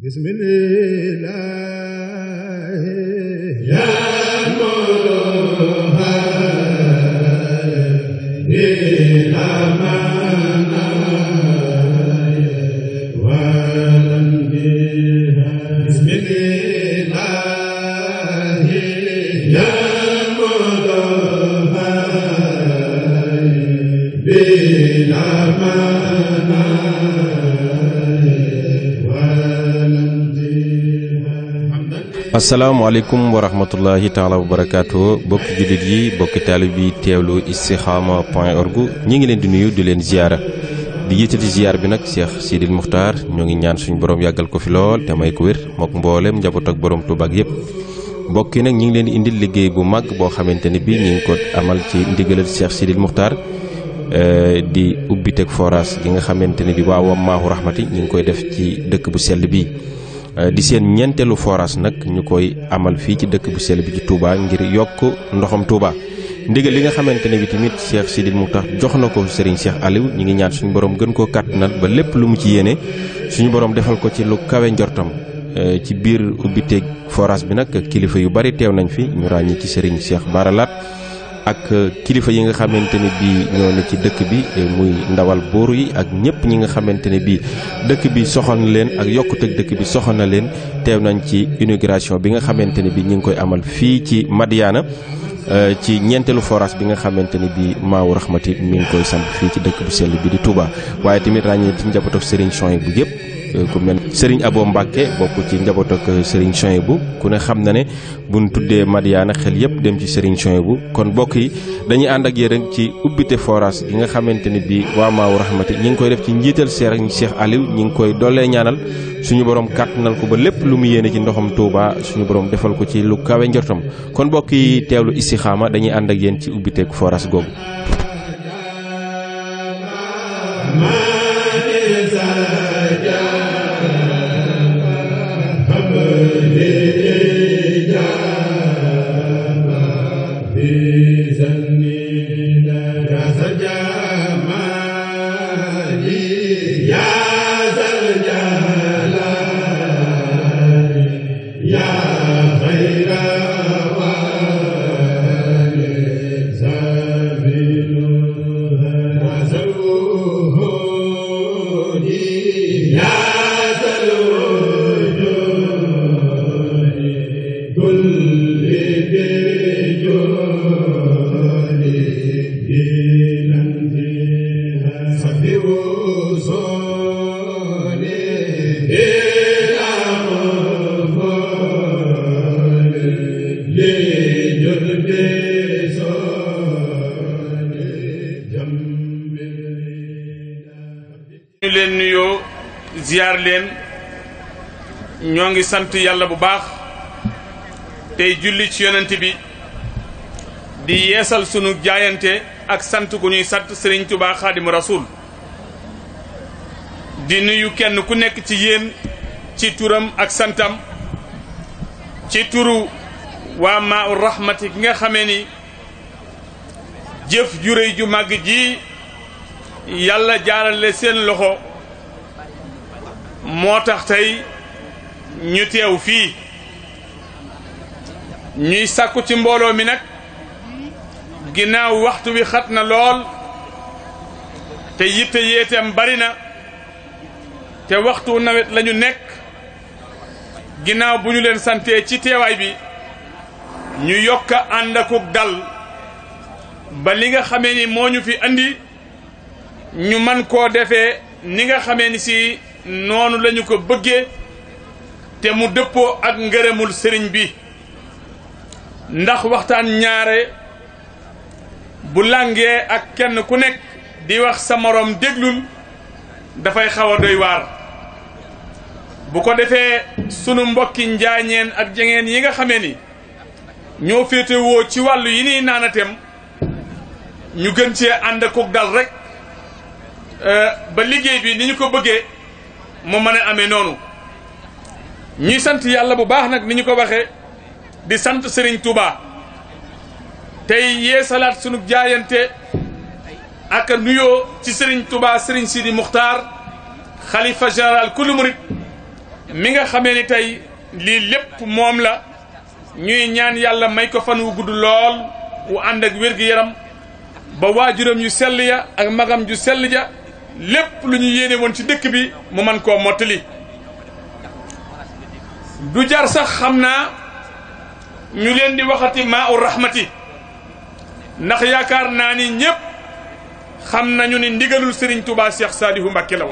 bismillah asalaamaaleykum wa rahmatullahi taala wa barakaatu bokki jullit yi bokki taalib yi teewlu istixaama point org ñi ngi leen di nuyu di leen ziyaara di yëccati ziyaar bi nag Cheikh Sidil Muxtaar ñoo ngi ñaan suñu borom yàggal ko fi lool te may ko wér mook mbooleem njaboot ak borom tubaak yépp mbokk yi nag ñu ngi leen di indil liggéey bu mag boo xamante ni bii ñu ngi ko amal ci ndigalal Cheikh Sidil Muxtaar eh, di teg forage gi nga xamante ne bi waawam maahu ñu ngi koy def ci dëkk bu sell bii Euh, di seen ñeenteelu forage nag ñu koy amal fii ci dëkk bu sell bi ci Touba ngir yokk ndoxam tuubaa ndigal li nga xamante ne bi tamit Cheikh Sidil tax jox na ko Serigne Cheikh Aliou ñu ngi ñaan suñu borom gën koo kàttanal ba lépp lu mu ci yéene suñu borom defal ko ci lu kawe njortam. Euh, ci biir ubbiteeg forage bi nag kilifa yu bari teew nañ fi ñu ràññi ci Serigne Cheikh Baralaat ak euh, kilifa yi nga xamante ne bii ñoo ne ci dëkk bi euh, muy ndawal buur yi ak ñëpp ñi nga xamante ne bii dëkk bi soxal leen ak yokkuteg dëkk bi soxal na leen teew nañ ci inauguration bi nga xamante ne bii ñu ngi koy amal fii ci Madiana euh, ci ñenteelu forage bi nga xamante ne bii Maawu Rahmati mi ngi koy samp fii ci dëkk bu sell bi di Touba waaye tamit ràññee ci njabootu Serigne Chouaïbou bu yëpp. Euh, ku mel Serigne Abo Mbacke bokk ci njaboot ak euh, Serigne bu ku ne xam na ne buñ tuddee Madiana xel yëpp dem ci Serigne Souhaïbou kon bokk yi dañuy ànd ak yéen ci ubbite forage gi nga xamante ni bii waa Maawu Rahmati ñi ngi koy def ci njiital Serigne Cheikh Aliou ñi ngi koy doolee ñaanal suñu borom kàttanal ko ba lépp lu mu yéene ci ndoxam Touba suñu borom defal ko ci lu kawe njortam kon bokk yi teewlu istixaama dañuy ànd ak yéen ci ubbiteeg forage googu. bi zanni sant yàlla bu baax tey julli ci yonent bi di yeesal sunu jaayante ak sant ku ñuy sant Sëriñ Tuubaa Xaadimu Rasuul di nuyu kenn ku nekk ci yéen ci turam ak santam ci turu waa maa u ki nga xamee ni jëf ju ju màgg ji yàlla jaarale seen loxo moo tax tey ñu teew fii ñuy sàkku ci mbooloo mi nag ginnaaw waxtu wi xat na lool te yitte yéeteem bari na te waxtu nawet lañu nekk ginnaaw bu ñu leen santee ci teewaay bi ñu yokk ànd akuk dal ba li nga xamee ni moo ñu fi andi ñu man koo defee ni nga xamee ni si noonu lañu ko bëggee te mu dëppoo ak ngërëmul sëriñ bi ndax waxtaan ñaare bu làngee ak kenn ku nekk di wax sa moroom déglul dafay xawa a doy waar bu ko defee sunu mbokki njaañeen ak jengeen yi nga xame ni ñoo féete woo ci wàllu yi niy naanatem ñu gën cee ànd koog dal rek euh, ba liggéey bi ni ñu ko bëggee mu mën a amee noonu ñuy sant yàlla bu baax nag ni ñu ko waxee di sant Serigne Touba tey yeesalaat salaat sunu jaayante ak nuyoo ci Serigne Touba Serigne Sidi Muxtaar xalifa général kulu murit mi nga xamee ni tey lii lépp moom la ñuy ñaan yàlla may ko fan wu gudd lool wu ànd ak yaram ba waajuram yu sell ya ak magam ju sell ja lépp lu ñu yéene woon ci dëkk bi mu man koo mottali du jar sax xam naa ñu leen di waxati maa u ndax yaakaar naa ni ñépp xam nañu ni ndigalul Serigne Touba Cheikh Saliou Mbacké la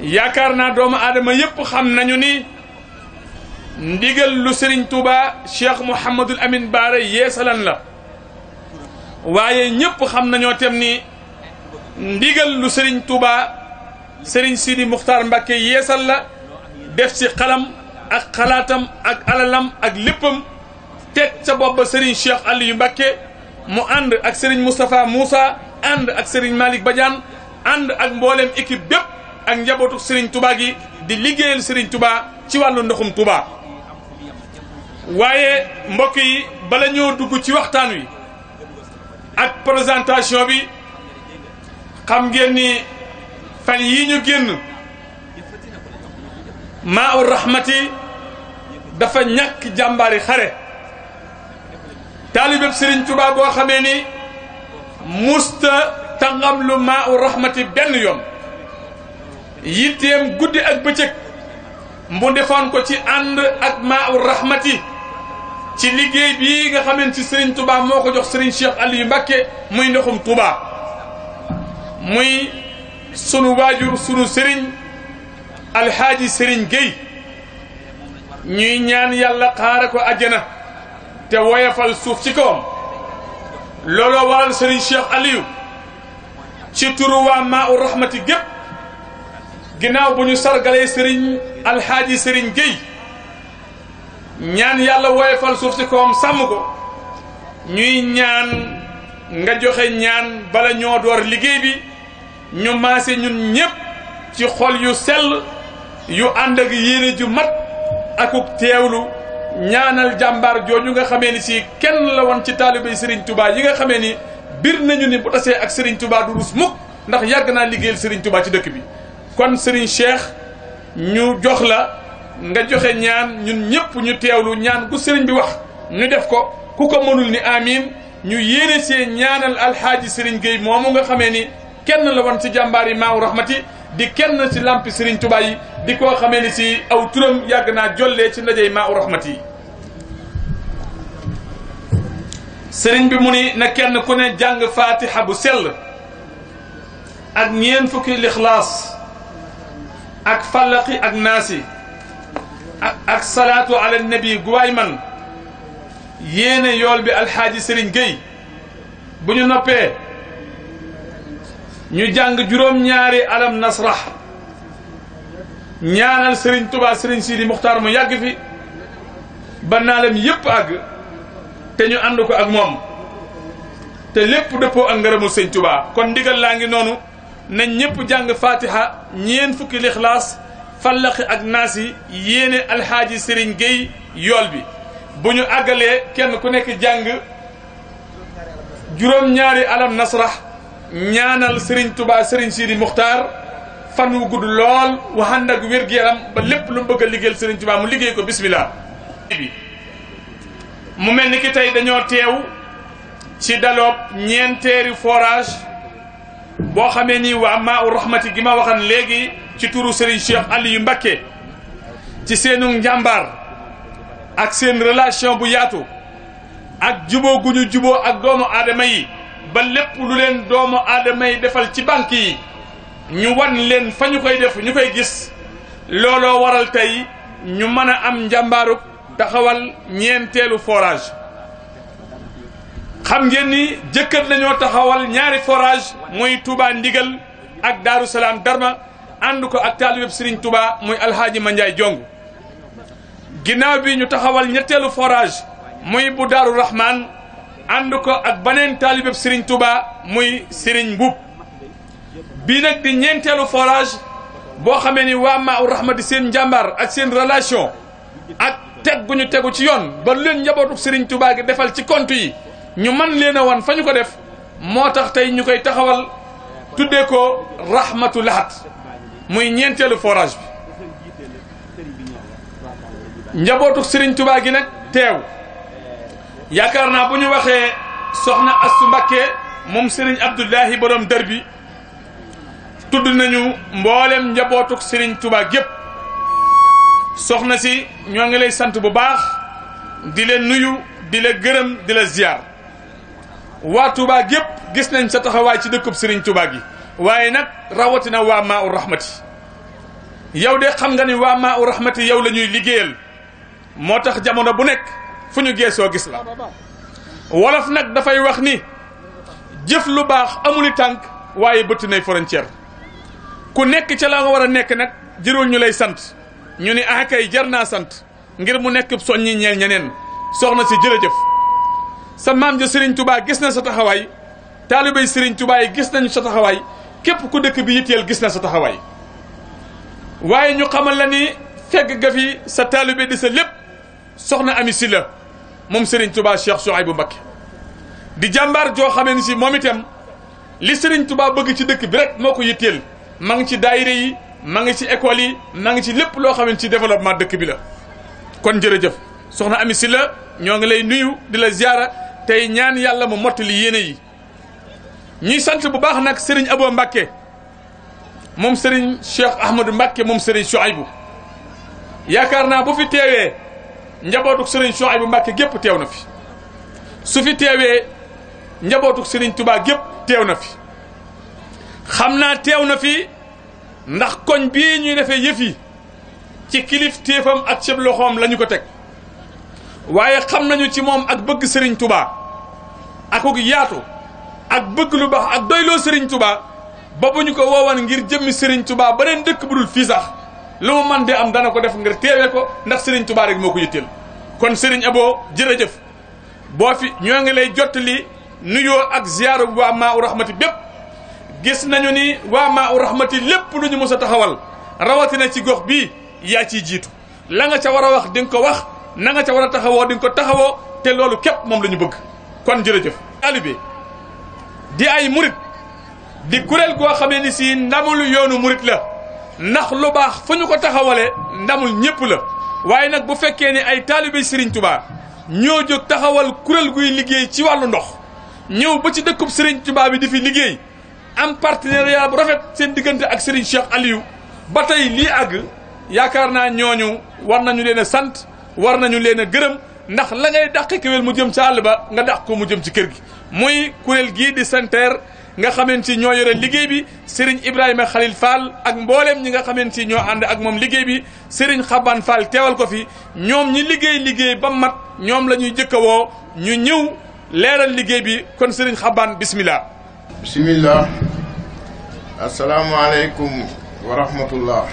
yaakaar naa doomu aadama yépp xam nañu ni ndigal lu Serigne Touba Cheikh Mouhamadul Amin Baara yeesalan la waaye ñépp xam nañoo tem ni ndigal lu Serigne Touba Serigne Sidi Muxtaar Mbacké yeesal la def ci xalam ak xalaatam ak alalam ak léppam teg ca booba Serigne Cheikh Aliou Mbacké mu ànd ak Serigne Moustapha Moussa ànd ak Serigne Malick Badiane ànd ak mboolem équipe bépp ak njabootu Serigne Touba gi di liggéeyal Serigne Touba ci wàllu ndoxum Touba waaye mbokk yi bala ñoo dugg ci waxtaan wi ak présentation bi xam ngeen ni fan yii ñu génn maa u rahmati dafa ñàkk jàmbaari xare taalibeb Sëriñ Tuubaa boo xamee ni musta tangam lu maa u rahmati benn yoon yitteem guddi ak bëccëg mu defoon ko ci ànd ak maa u rahmati ci liggéey bii nga xamante ci Sëriñ Tuubaa moo ko jox Sëriñ Cheikh Aliou Mbacké muy ndoxum Tuubaa muy sunu waajur sunu sëriñ alxaaji sëriñ Gueye ñuy ñaan yàlla xaare ko àjjana te woyafal suuf ci kawam looloo waral sëriñ Cheikh Aliou ci turu waa maa u rahmati gépp ginnaaw bu ñu sargalee sëriñ alxaaji sëriñ Gueye ñaan yàlla woyafal suuf ci kawam sàmm ko ñuy ñaan nga joxe ñaan bala ñoo door liggéey bi ñu maase ñun ñépp ci xol yu sell yu ànd ak yéene ju mat akuk teewlu ñaanal jàmbaar jooju nga xamee ni si kenn la woon ci taalibey Serigne tubaa yi nga xamee ni bir nañu ni bu tasee ak Serigne Touba du rus mukk ndax yàgg naa liggéeyal Serigne Touba ci dëkk bi. kon Serigne Cheikh ñu jox la nga joxe ñaan ñun ñëpp ñu teewlu ñaan gu sëriñ bi wax ñu def ko ku ko mënul ni amiin ñu yéene see ñaanal alxaaji Serigne Gueye moomu nga xamee ni kenn la woon ci jàmbaar yi maaw rahmati. di kenn ci lampi Serigne Touba di koo xamee ni si aw turam yàgg naa jollee ci ndajey maa u rahmat sëriñ bi mu ni na kenn ku ne jàng fatiha bu sel ak ñeen fukki lixlaas ak falaqi ak naasi ak ak salaatu ala nabi guwaay man yéene yool bi alxaaji sëriñ Gueye bu ñu noppee ñu jàng juróom-ñaari alam nasrah ñaanal Serigne Touba Serigne Sidi Muxtaar mu yàgg fi ba naalam yépp àgg te ñu ànd ko ak moom te lépp dëppoo ak ngërëmu Sëñ Touba kon ndigal laa ngi noonu nañ ñëpp jàng fatiha ñeen fukki lixlaas fallaxi ak naasi yi yéene alxaaji sëriñ Gueye yool bi bu ñu àggalee kenn ku nekk jàng juróom-ñaari alam nasrah ñaanal Serigne tubaa Serigne Sidi Muxtaar fan wu gudd lool waxand ak wér-gu-yaram ba lépp lu mu bëgg a liggéeyal Serigne Touba mu liggéey ko bismillah mu mel ni ki tey dañoo teew ci daloob ñeenteeri forage boo xamee ni waa maa u rahmati gi ma waxan léegi ci turu Serigne Cheikh Aliou Mbacké ci seenu njàmbaar ak seen relation bu yaatu ak juboo gu juboo ak doonu aadama yi ba lépp lu leen doomu aadama defal ci banque yi ñu wan leen fa ñu koy def ñu koy gis looloo waral tey ñu mën a am njàmbaarug taxawal ñeenteelu forage xam ngeen ni jëkkër nañoo taxawal ñaari forage muy Touba Ndigal ak Daaru Salaam Darma ànd ko ak taalibeb Serigne Touba muy Alhaaji Mandiaye Jong ginnaaw bi ñu taxawal ñetteelu forage muy bu Daaru Rahman ànd ko ak beneen taalibeb Serigne Touba muy Serigne Mbuub bii nag di ñeenteelu forage boo xamee ni waa Maa-u Rahma di seen njàmbaar ak seen relation ak teg gu ñu tegu ci yoon ba leen njabootu Serigne Touba gi defal ci compte yi ñu man leen a wan fa ñu ko def moo tax tey ñu koy taxawal tuddee ko Rahmatu Lahat muy ñeenteelu forage bi njabootu Serigne Touba gi nag teew. yaakaar naa bu ñu waxee soxna Astu Mbakke moom sëriñ Abdullahi borom dër bi tudd nañu mboolem njabootuk sëriñ Tuubaa gépp soxna si ñoo ngi lay sant bu baax di la nuyu di la gërëm di ziyaar waa Tuubaa gépp gis nañ sa taxawaay ci dëkkub sëriñ Tuubaa gi waaye nag rawatina waa maa u rahmati yow de xam nga ni waa maa u rahmati yow lañuy liggéeyal moo tax jamono bu nekk fu ñu geesoo gis la wolof nag dafay wax ni jëf lu baax amul amuli tànk waaye bëtt nay frontière ku nekk ca la war a nekk nag jërul ñu lay sant ñu ni ah yi jar naa sant ngir mu nekk soññi ñeel ñeneen soxna si jërëjëf sa maam ja Serigne Touba gis na sa taxawaay taalibey sëriñ Touba gis nañu sa taxawaay képp ku dëkk bi yitteel gis na sa taxawaay waaye ñu xamal la ni fegg ga sa taalibe di sa lépp soxna ami si la moom Serigne Touba Cheikh Souhaïbou Mbacké di jàmbaar joo xamee ni si moom itam li Serigne Touba bëgg ci dëkk bi rek moo ko yitteel ma ngi ci daayira yi ma ngi ci école yi ma ngi ci lépp loo xamee ci développement dëkk bi la. kon jërëjëf soxna si la ñoo ngi lay nuyu di la ziara tey ñaan yàlla mu mottali yéene yi ñuy sant bu baax nag Serigne Abo Mbacké moom Serigne Cheikh Ahmadou Mbacké moom Serigne Souhaïbou yaakaar naa bu fi teewee. njabootuk sëriñ bu Mbacké gépp teew na fi su fi teewee njabootuk sëriñ tubaa gépp teew na fi xam naa teew na fi ndax koñ bii ñuy defee yëf yi ci kilif teefam ak ceeb loxoom la ko teg waaye xam nañu ci moom ak bëgg sëriñ Touba akuk yaatu ak bëgg lu baax ak doyloo sëriñ tubaa ba bu ñu ko woowan ngir jëmmi sëriñ Touba beneen dëkk bu dul fii sax lu mu man di am dana ko def ngir teewe ko ndax Serigne Touba rek moo ko yitteel kon sëriñ Serigne Abo jërëjëf boo fi ñoo ngi lay jottali nuyoo ak ziyaara bu waa maa u rahmati bépp gis nañu ni waa maa u rahmati lépp lu ñu mës a taxawal rawatina ci gox bii yaa ciy jiitu la nga ca war a wax dinga ko wax na nga ca war a taxawoo di nga ko taxawoo te loolu képp moom la ñu bëgg kon jërëjëf alibe di ay murit di kuréel goo xamee ni si ndamul yoonu murit la ndax lu baax fu ñu ko taxawalee ndamul ñëpp la waaye nag bu fekkee ne ay taalibe Serigne Touba ñoo jóg taxawal kuréel guy liggéey ci wàllu ndox ñëw ba ci dëkkub Serigne tubaab bi di fi liggéey am partenariat bu rafet seen diggante ak Serigne Cheikh Aliou ba tey lii àgg yaakaar naa ñooñu war nañu leen a sant war nañu leen a gërëm ndax la ngay dàq kéwél mu jëm ci àll ba nga dàq ko mu jëm ci kër gi muy kuréel gii di SENTER nga xamante si ñoo yore liggéey bi Serigne Ibrahima Khalil Fall ak mbooleem ñi nga xamante ni ñoo ànd ak moom liggéey bi sëriñ Xaban Fall teewal ko fi ñoom ñi liggéey liggéey ba mag ñoom la ñuy jëkk woo ñu ñëw leeral liggéey bi kon sëriñ Xaban bismillah bismillah asalaamualeykum wa rahmatullah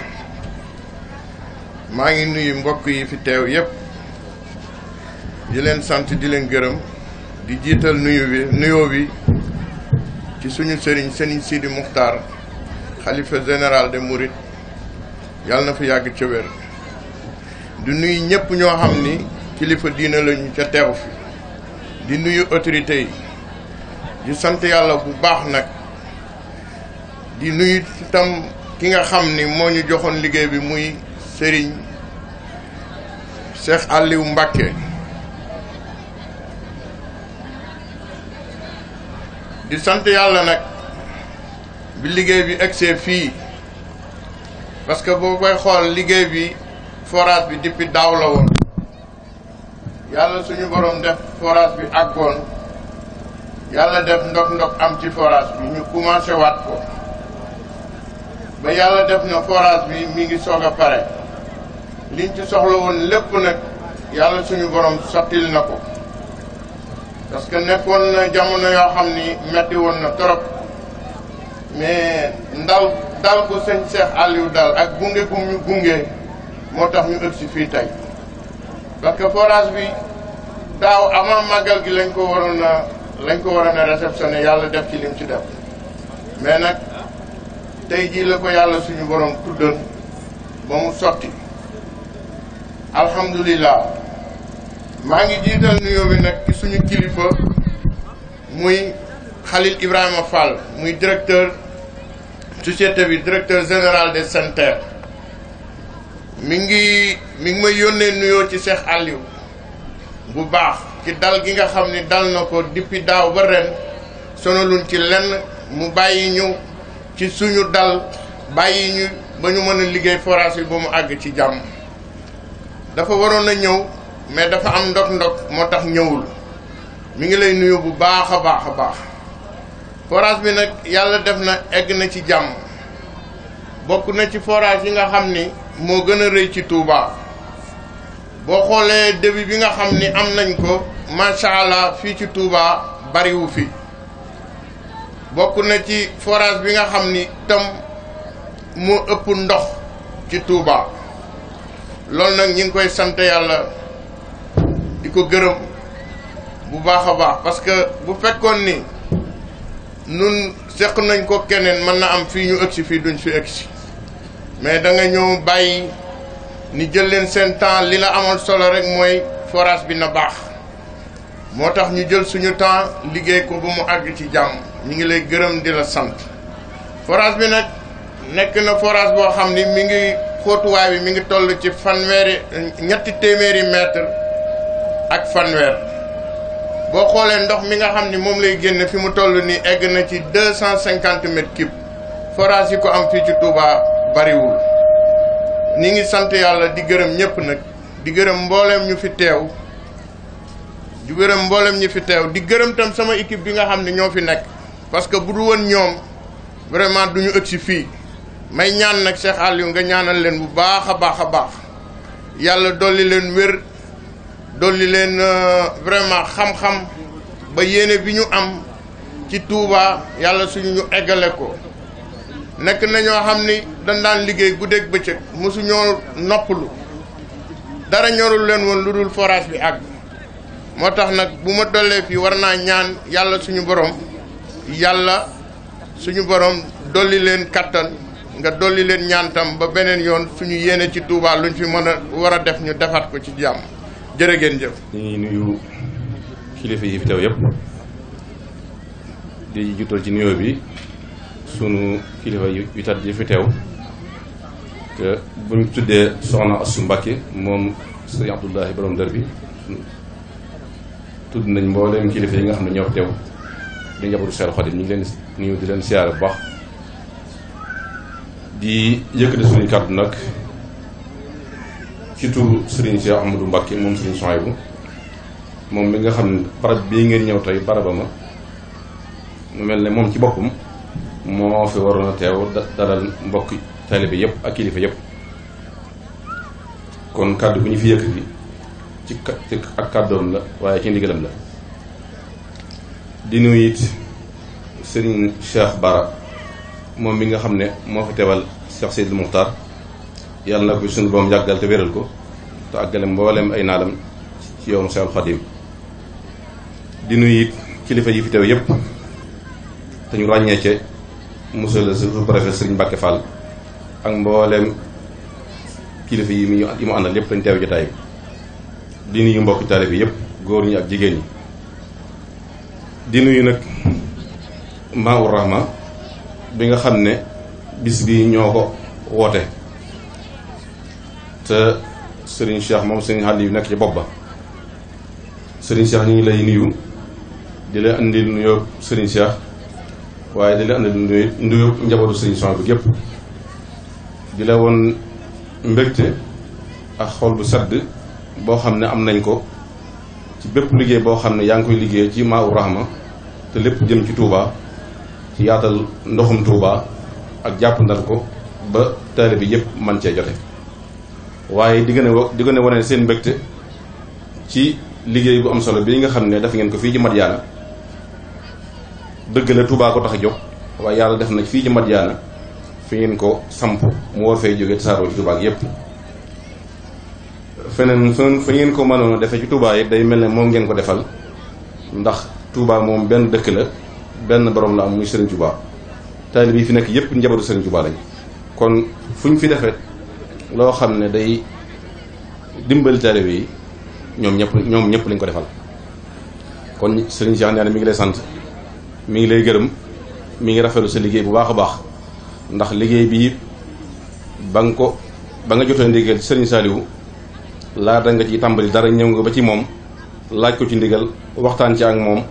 maa ngi nuyu mbokk yi fi teew yépp di leen sant di leen gërëm di jiital nuyu bi nuyoo bi ci suñu sëriñ sëriñ Sidi Muxtaar xalifa général de Mouride yàlla na fi yàgg ca wér di nuyu ñëpp ñoo xam ni kilifa diina lañu ca teew fi di nuyu autorités yi di sant yàlla bu baax nag di nuyu itam ki nga xam ni moo ñu joxoon liggéey bi muy sëriñ Cheikh Aliou Mbacké di sant yàlla nag bi liggéey bi egsee fii parce que boo koy xool liggéey bi forage bi depuis daaw la woon yàlla suñu borom def forage bi àggoon yàlla def ndog-ndog am ci forage bi ñu commencé waat ko ba yàlla def na forage bi mi ngi soog a pare liñ ci soxla woon lépp nag yàlla suñu borom sottil na ko parce que nekkoon na jamono yoo xam ni metti woon na trop mais ndaw dal ko sëñ Cheikh Aliou dal ak gunge gunge moo tax ñu ëgg si fii tey parce que forage bi daaw avant màggal gi lañ ko waroon a lañ ko waroon a réceptionné yàlla def ci lim ci def mais nag tey jii la ko yàlla suñu borom tuddal ba mu sotti alhamdulilah. maa ngi jiital nuyo bi nag ci suñu kilifa muy Khalil Ibrahima Fall muy directeur société bi directeur général des SENTER mi ngi mi ngi may yónnee nuyoo ci seex Aliou bu baax ci dal gi nga xam ni dal na ko depuis daaw ba ren sonaluñ ci lenn mu bàyyi ñu ci suñu dal bàyyi ñu ba ñu mën a liggéey forage bi ba mu àgg ci jàmm dafa waroon a ñëw. mais dafa am ndog-ndog moo tax ñëwul mu ngi lay nuyu bu baax a baax a baax forage bi nag yàlla def na egg na ci jàmm bokk na ci forage yi nga xam ni moo gën a rëy ci Touba boo xoolee début bi nga xam ni am nañ ko macha allah fii ci Touba bariwu fii bokk na ci forage bi nga xam ni tam moo ëpp ndox ci Touba loolu nag ñi ngi koy sant yàlla. di ko gërëm bu baax a baax parce que bu fekkoon ni nun seq nañ ko keneen mën na am fii ñu ëgsi fii duñ fi ëgsi mais da nga ñëw bàyyi ni jël leen seen temps li la amoon solo rek mooy forage bi na baax moo tax ñu jël suñu temps liggéey ko ba mu àgg ci jàmm ñu ngi lay gërëm di la sant forage bi nag nekk na forage boo xam ni mi ngi xóotuwaay bi mi ngi toll ci fanweeri ñetti téeméeri mètre ak fanweer boo xoolee ndox mi nga xam ni moom lay génn fi mu toll nii egg na ci deux cent cinquante mètres cubes ko am fii ci Touba bariwul ni ngi sant yàlla di gërëm ñëpp nag di gërëm mbooleem ñu fi teew di gërëm mbooleem ñu fi teew di gërëm tam sama équipe bi nga xam ni ñoo fi nekk parce que bu du woon ñoom vraiment du ñu ëgsi fii may ñaan nag Cheikh yu nga ñaanal leen bu baax a baax a baax yàlla dolli leen wér dolli leen euh, vraiment xam-xam ba yéene bi ñu am ci Touba yàlla suñu ñu eggale ko nekk na ñoo xam ni dañ daan liggéey guddeeg bëccëg mosuñoo noppalu dara ñorul leen woon lu dul forage bi àgg moo tax nag bu ma dollee fii war naa ñaan yàlla suñu borom yàlla suñu boroom dolli leen kattan nga dolli leen ñaantam ba beneen yoon suñu yéene ci Touba luñ fi mën a war a def ñu defaat ko ci jàmm. jërë ngeen jëf. ñu nuyu kilifa yi fi teew yëpp di juttal ci nuyoo bi sunu kilifa yu tat yi fi teew te bu ñu tuddee soxna Assu Mbàkke moom sëriñ Abdullahi borom dër bi tudd nañ mbooleem kilifa yi nga xam ne ñoo fi teew di njabootu Seex Xaadim ñu ngi leen nuyu di leen siyaare bu baax di yëkkati suñu kàddu nag. ci turu Serigne Cheikh Ahmadou Mbacké moom Serigne Souhaïbou moom mi nga xam ne barab bii ngeen ñëw tey baraba ma mu mel ne moom ci boppam moo fi waroon a teew dalal mbokk taalibe yépp ak kilifa yëpp kon kàddu bu ñu fi yëkkati ci ci ak kàddoom la waaye ci ndigalam la di nuyu it Serigne Bara moom mi nga xam ne moo fi teewal Cheikh Seydil Moukhtar yàlla na ko suñu boom yàggal te wéral ko te àggale mboolem ay naalam ci yow Seexul Xadim di nuyu kilifa yi fi teew yëpp te ñu ràññee ci monsieur le sous-préfet Serigne Mbacke Fall ak mbooleem kilifa yi mu yi mu àndal yëpp dañ teew jotaay bi di nuyu mbokki taalibe yi yëpp góor ñi ak jigéen ñi di nuyu nag Maa-ur-Rahma bi nga xam ne bis bi ñoo ko woote te Serigne moom Serigne Xaliil yu nekk ci bopp ba sëriñ Cheikh ñu ngi lay nuyu di la indi nuyoo sëriñ Cheikh waaye di la andil nuyu nuyu njabootu Serigne bi gépp di la woon mbégte ak xol bu sedd boo xam ne am nañ ko ci bépp liggéey boo xam ne yaa ngi koy liggéey ci Maa-u Rahma te lépp jëm ci Touba ci yaatal ndoxum Touba ak jàpp ndal ko ba taalibe bi yëpp man cee jote waaye di gën a di gën a seen mbégte ci liggéey bu am solo bi nga xam ne def ngeen ko fii ci Madiyana dëgg la Touba ko tax a jóg waaye yàlla def na fii ci Madiyana fi ngeen ko samp mu war fay jógee tasaaroo ci Touba ak yépp feneen feneen fa ngeen ko mënoon a defee ci Touba yi day mel ne moom ngeen ko defal ndax Touba moom benn dëkk la benn boroom la am muy Serigne Touba taalibe yi fi nekk yépp njabootu Serigne Touba lañ kon fuñ fi defee. loo xam ne day dimbali taalibe yi ñoom ñëpp ñoom ñëpp lañ ko defal kon sëriñ Cheikh nee mi ngi lay sant mi ngi lay gërëm mi ngi rafetlu sa liggéey bu baax a baax ndax liggéey bii ba nga ko ba nga jotee ndigal ci sëriñ Saliou laata nga ci tàmbali dara ñëw nga ba ci moom laaj ko ci ndigal waxtaan ci ak moom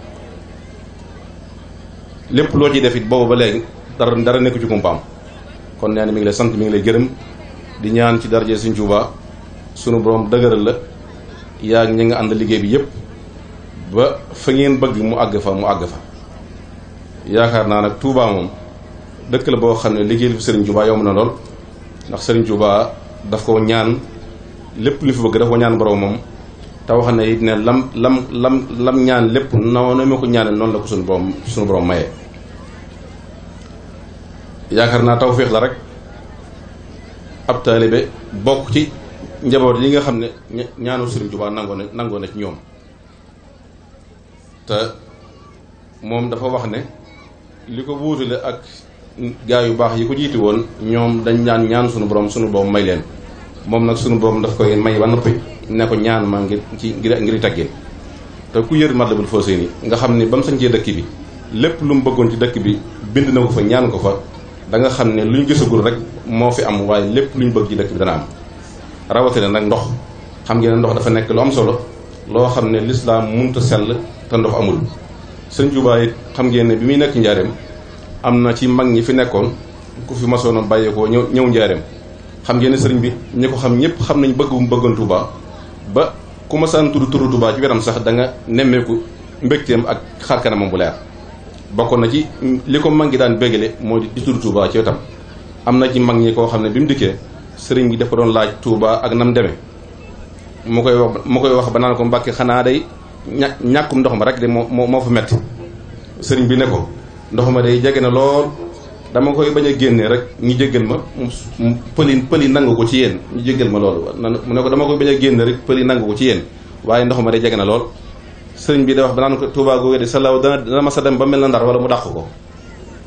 lépp loo ci def it boobu ba léegi dara nekku ci kumpaam kon nee na mi ngi lay sant mi ngi lay gërëm. di ñaan ci darajee Sëriñ Tuubaa sunu borom dëgëral la yaa ngi nga ànd liggéey bi yépp ba fa ngeen bëgg mu àgg fa mu àgg fa yaakaar naa nag Tuubaa moom dëkk la boo xam ne liggéey bi Sëriñ Tuubaa yomb na lool ndax Sëriñ Tuubaa daf ko ñaan lépp li fi bëgg daf ko ñaan boroom moom te wax na it ne lam lam lam lam ñaan lépp noonu ma ko ñaane noonu la ko sunu borom sunu borom maye yaakaar naa tawféex la rek ab taalibe bokk ci njaboot yi nga xam ne ñaanu Sëriñ Tuubaa nangoo na nangoo ci ñoom te moom dafa wax ne li ko wuutale ak gaa yu baax yi ko jiiti woon ñoom dañ ñaan ñaan sunu borom sunu borom may leen moom nag sunu borom daf koy may ba noppi ne ko ñaan ma ngir ci ngir ngir teggin te ku yër foo Fawzayni nga xam ni ba mu sañcee dëkk bi lépp lu mu bëggoon ci dëkk bi bind na ko fa ñaan ko fa da nga xam ne lu ñu gisagul rek moo fi am waaye lépp lu ñu bëgg ci dëkk bi dana am rawatina nag ndox xam ngeen ndox dafa nekk lu am solo loo xam ne lislaam munta sell te ndox amul sëñ Tuubaa it xam ngeen ne bi mu nekk njaareem am na ci mag ñi fi nekkoon ku fi masoon a bàyyeekoo ñëw ñëw njaareem xam ngeen ne sëriñ bi ñi ko xam ñëpp xam nañ bëgg bu mu bëggoon Tuubaa ba ku masaan tudd turu Tuubaa ci wetam sax danga nemmeeku mbégteem ak xar kanamam bu leer bokk na ci li ko mag gi daan bégale mooy di tudd tuubaa ci wetam am na ci mag ñi koo xam ne bi mu dikkee sëriñ bi dafa doon laaj tuubaa ak nam deme mu koy wax mu koy wax ba naan ko Mbàkke xanaa day ña ñàkkum ndox ma rek de moo moo fa metti sëriñ bi ne ko ndox ma day jege na lool dama koy bañ a génne rek ñi jéggal ma pëli pëli nangu ko ci yéen ñu jéggal ma loolu mu ne ko dama koy bañ a génne rek pëli nangu ko ci yéen waaye ndox ma day jege na lool sëriñ bi da wax banaan ko tuubaa googu de sa law dana dana mas a dem ba mel na ndar wala mu dàq ko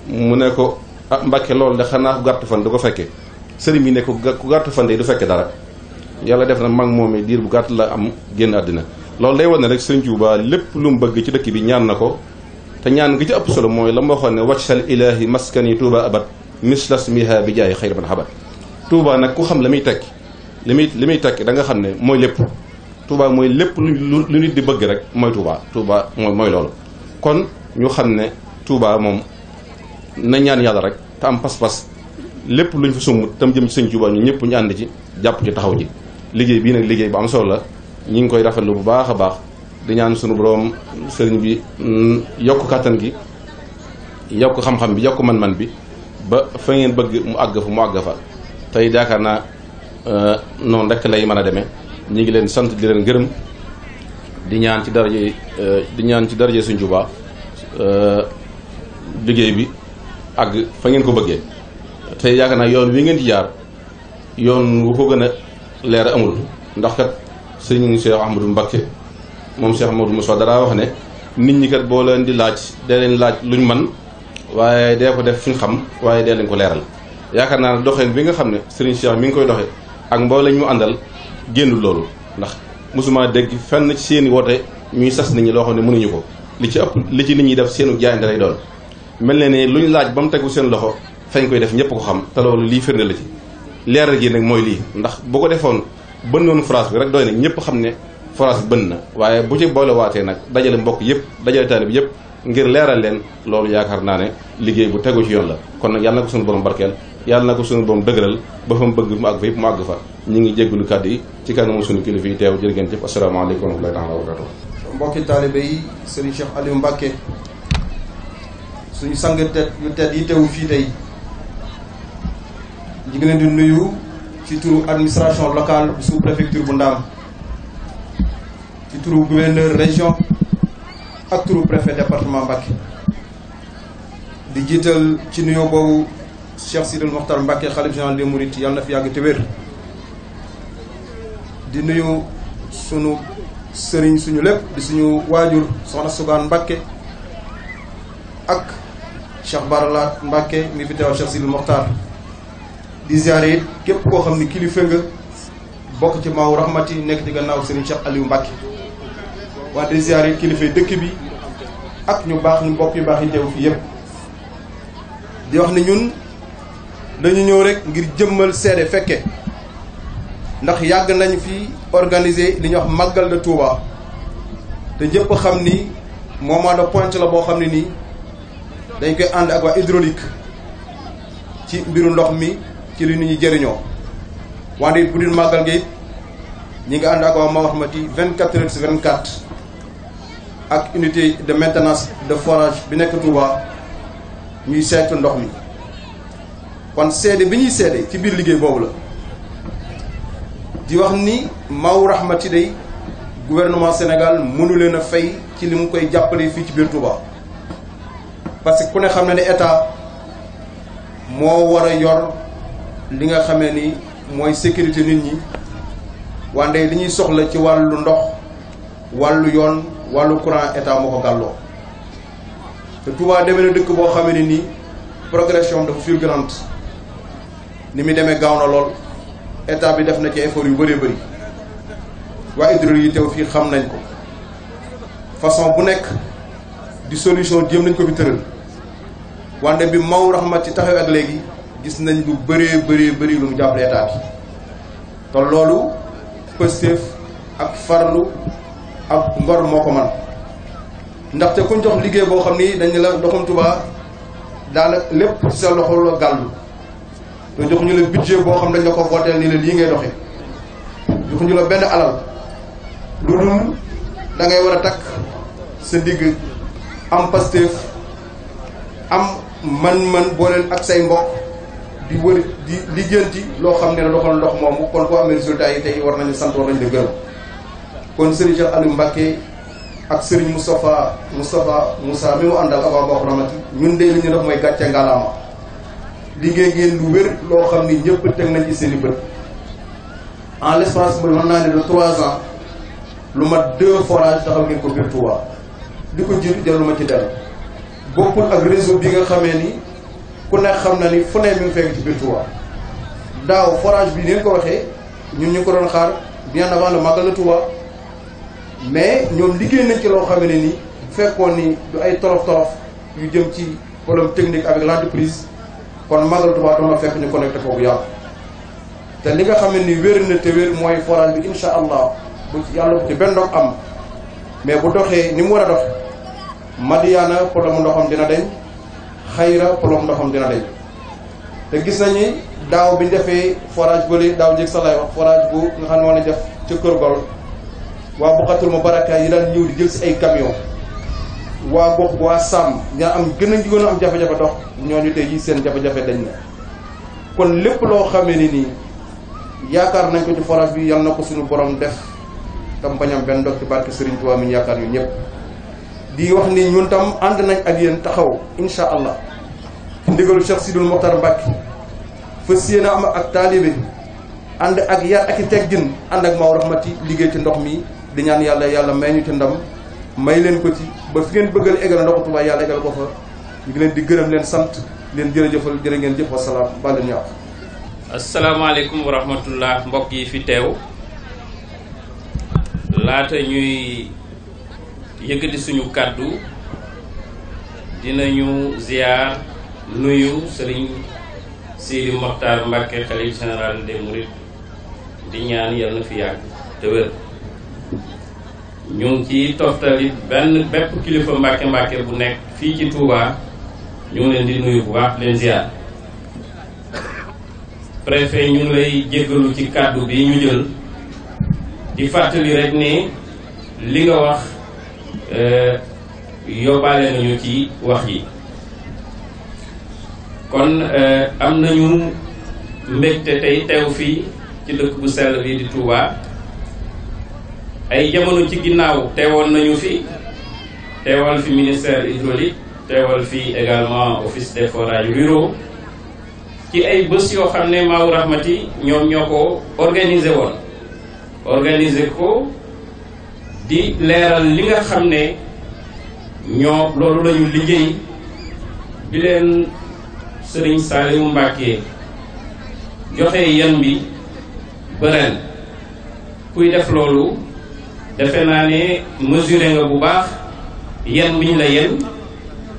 mu ne ko ah Mbàkke loolu de xanaa ku gàtt fan du ko fekke sëriñ bi ne ko ku gàtt fan de du fekke dara yàlla def na mag moom diir bu gàtt la am génn àddina loolu day wane rek sëriñ tuubaa lépp lu mu bëgg ci dëkk bi ñaan na ko te ñaan gi ci ëpp solo mooy la ma waxoon ne waccal ilahi maskani Touba abat mislas miha bi jaay xayr man habat Touba nag ku xam la muy tekki li muy li muy tekki da nga xam ne mooy lépp Touba mooy lépp lu lu nit di bëgg rek mooy Touba Touba mooy mooy loolu kon ñu xam ne tuubaa moom na ñaan yàlla rek te am pas-pas lépp luñ fa sumb tam jëm ci sëñ Touba ñu ñëpp ñu ànd ci jàpp ci taxaw ji liggéey bii nag liggéey bu am solo la ñu ngi koy rafetlu bu baax a baax di ñaan sunu borom sëriñ bi mm, yokk kàttan gi yokk xam-xam bi yokk man-man bi ba fa ngeen bëgg mu àgg fa mu àgg fa tey yaakaar naa euh, noonu rek lay mën a demee ñu ngi leen sant di leen gërëm di ñaan ci daraje di ñaan ci daraje Sëñ Tuubaa e, liggéey bi ak fa ngeen ko bëggee te yaakaar naa yoon wi ngeen di jaar yoon wu ko gën a leer amul ndax kat sëñ Cheikh Ahmadou Mbacké moom Cheikh Ahmadou Moussa dara wax ne nit ñi kat boo leen di laaj dee leen laaj ñu man waaye dee ko def fi ñu xam waaye dee leen ko leeral yaakaar naa doxeen bi nga xam ne sëriñ Cheikh mi ngi koy doxe ak mboolem ñu àndal génn loolu ndax mosuma dégg fenn ci seen i woote ñuy sas nit ñi loo xam ne mënuñu ko li ci ëpp li ci nit ñi def seenu jaayante lay doon mel na ne lu ñu laaj ba mu tegu seen loxo fañ koy def ñëpp ko xam te loolu lii firnde la ci leeral gi nag mooy lii ndax bu ko defoon bën noonu phrase bi rek doy na ñëpp xam ne phrase bënn na waaye bu ci boole waatee nag dajale mbokk yëpp dajale bi yëpp ngir leeral leen loolu yaakaar naa ne liggéey bu tegu ci yoon la kon na ko suñu borom barkeel yàlla na ko suñu boom dëgëral ba fa mu bëgg mu àgg fa yëpp mu àgg fa ñu ngi jéggulu kàddu yi ci kanamu suñu kilifa yi teew jërë ngeen jëf asalaamaaleykum wa rahmatullahi wa barakatuh mbokki taalibe yi sëriñ Cheikh Aliou Mbacké suñu sang tet yu tedd yi teewu fii tey ñu ngi leen di nuyu ci turu administration locale bu sous bu Ndaam ci turu gouverneur région ak turu préfet département Mbacké di jiital ci nuyoo boobu Cheikh Sidil Mokhtar Mbacke xalif général des Mourides yàlla na fi yàgg te di nuyu sunu sëriñ suñu lépp di suñu waajur soxna Sugaan Mbacke ak Cheikh Barala Mbacke mi fi teewal Cheikh Sidil Mokhtar di ziare it képp koo xam ni kilifa nga bokk ci maaw rahmati nekk ci gannaaw sëriñ Cheikh Aliou Mbacke waa di ziare it kilifay dëkk bi ak ñu baax ñu bokk yu baax yi teew fii yépp di wax ne ñun dañu ñëw rek ngir jëmmal seede fekke ndax yàgg nañu fi organiser li ñuy wax màggal de Touba te ñëpp xam ni moment point pointe la boo xam ne nii dañ koy ànd ak waa hydraulique ci mbiru ndox mi ci li nit ñuy jëriñoo wante it bu dul màggal gi ñi nga ànd ak waa Mawarmati 24 heures 24 ak unité de maintenance de forage bi nekk Touba ñuy seetu ndox mi. kon seede bi ñuy seede ci biir liggéey boobu la di wax ni maw ci day gouvernement Sénégal mënu leen a fay ci li mu koy jàppale fii ci biir Touba parce que ku ne xam na ne état moo wara a yor li nga xamee ni mooy sécurité nit ñi wande li ñuy soxla ci wàllu ndox wàllu yoon wàllu courant état moo ko gàlloo te Touba demee na dëkk boo xamee ne nii progression dafa fulgurante ni muy demee gaaw na lool état bi def na ci effort yu bëree bëri waa hydraulique yi teew fii xam nañ ko façon bu nekk di solution jéem nañ ko fi tëral wante bi maw raxmat ci taxaw ak léegi gis nañ bu bëree bëree bëri lu mu jàppale état bi te loolu pëstéef ak farlu ak ngor moo ko man ndaxte kuñ jox liggéey boo xam ni dañ la doxum Touba daanaka lépp ci sa loxo la te jox ñu la budget boo xam dañ la ko voté ni la lii ngay doxee jox ñu la benn alal lu dul da war a takk sa digg am Pastef am man-man leen ak say mbokk di wër di lijjanti loo xam ne la doxal ndox moomu kon boo amee résultat yi tey war nañu sant war nañu la gërëm kon Serigne Cheikh Aliou Mbacké ak Serigne Moustapha Moustapha Moussa mi mu àndal avant mbokk ramati ñun de li ñu def mooy gàcce ngalaama liggéey ngeen lu wér loo xam ni ñëpp teg nañ ci seen i bët en l' espace bu mën naa ne de trois ans lu mat deux forages taxaw ngeen ko biir Touba di ko jiitu jarul ci dara bokkul ak réseau bi nga xamee ni ku ne xam na ni fu ne mi ngi fekk ci biir Touba daaw forage bi ngeen ko waxee ñu ñu ko doon xaar bien avant le magal de Touba mais ñoom liggéey nañ ci loo xam ne ni fekkoon ni du ay torof torof yu jëm ci problème technique avec l' entreprise. kon magal Tuubaa fekk ñu connecté foofu yàlla te li nga xam ne ni wér na te wér mooy forage bi incha allah bu yàlla bu ci benn ndox am mais bu doxee ni mu war a dox Madiyaana problème ndoxam dina deñ xayra problème ndoxam dina deñ te gis nañu daaw bi ñu defee forage bële daaw njëkk sa lay wax forage bu nga xam ne def ci Kër Gol waa Buxatul Mubaraka yi daan ñëw di jël ay camion waa gox waa sàmm ñaa am gën a gën a am jafe-jafe dox ñooñu tey yi seen jafe-jafe dañ na kon lépp loo xamee ni nii yaakaar nañ ko ci forage bi yal na ko suñu borom def tam benn dog ci barke sëriñ Touba mi yaakaar ñu ñëpp di wax ni ñun tam ànd nañ ak yéen taxaw insha allah ndigalu Cheikh Sidul Mokhtar Mbacke yéen a am ak taalibe ànd ak yar ak i teggin ànd ak maaw rahmati liggéey ci ndox mi di ñaan yàlla yàlla may ñu ci ndam may leen ko ci ba fi ngeen bëggal eggal na ko Tuubaa yàlla eggal ko fa ñu ngi leen di gërëm leen sant leen jërëjëfal jërë ngeen jëf wasalaam bàl leen yàq asalaamaaleykum wa rahmatullah mbokk yi fi teew laata ñuy yëkkati suñu kàddu dinañu ziar nuyu sëriñ Sidi Mokhtar Mbacke xalif général des Mourides di ñaan yàlla na fi yàgg te wér ñu ngi ci toftalit benn bépp kilifa mbàkke mbàkke bu nekk fii ci Touba ñu leen di nuyu bu baax leen ziar préfet ñu ngi lay jéggalu ci kàddu bi ñu jël di fàttali rek ni li nga wax euh, yóbbaale nañu ci wax yi kon euh, am nañu mbégte tey teew fii ci dëkk bu sell bi di Touba ay jamono ci ginnaaw teewoon nañu fi teewal fi ministère hydraulique teewal fi également office des forages ci ay bés yoo xam ne Maawu Rahmati ñoom ñoo ko organisé woon organiser ko di leeral li nga xam ne ñoo loolu lañu liggéey bi leen sëriñ Saliou Mbacké joxe yan bi bëren kuy def loolu defe naa ne mesuré nga bu baax yen bu ñu la yen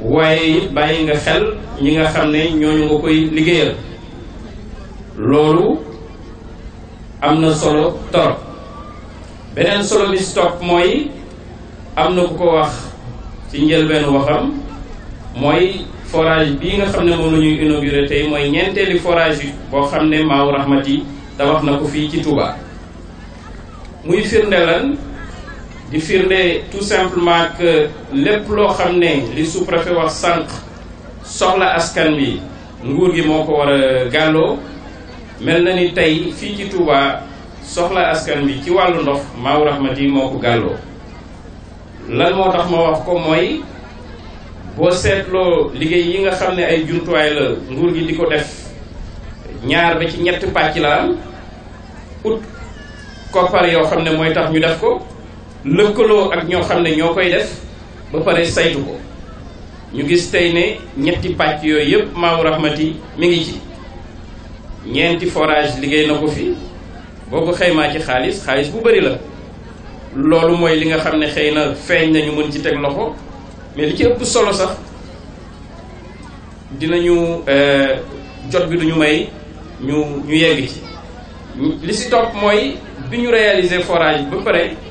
waaye bàyyi nga xel ñi nga xam ne ñooñu nga koy liggéeyal loolu am na solo torop beneen solo bi si mooy am na ku ko wax ci njëlbeen waxam mooy forage bii nga xam ne moom la ñuy tey mooy ñeenteeli forage yi boo xam ne Maaw Rahmati wax na ko fii ci Touba muy firnde lan di firnde tout simplement que lépp loo xam ne li sous-préfet wax sànq soxla askan bi nguur gi moo ko war a gàlloo mel na ni tey fii ci Touba soxla askan bi ci wàllu ndox Maawu Rahmati moo ko gàlloo lan moo tax ma wax ko mooy boo seetloo liggéey yi nga xam ne ay jumtuwaay la nguur gi li ko def ñaar ba ci ñett pàcc la am ut koppar yoo xam ne mooy tax ñu def ko lëkkaloo ak ñoo xam ne ñoo koy def ba pare saytu ko ñu gis tey ne ñetti pàcc yooyu yëpp Maawu Rahmati mi ngi ci ñeenti forage liggéey na ko fi boo ko xaymaa ci xaalis xaalis bu bëri la loolu mooy li nga xam ne xëy na feeñ nañu mën ci teg loxo mais li ci ëpp solo sax dinañu euh, jot bi duñu may ñu ñu yegg ci li si topp mooy bi ñu réaliser forage ba pare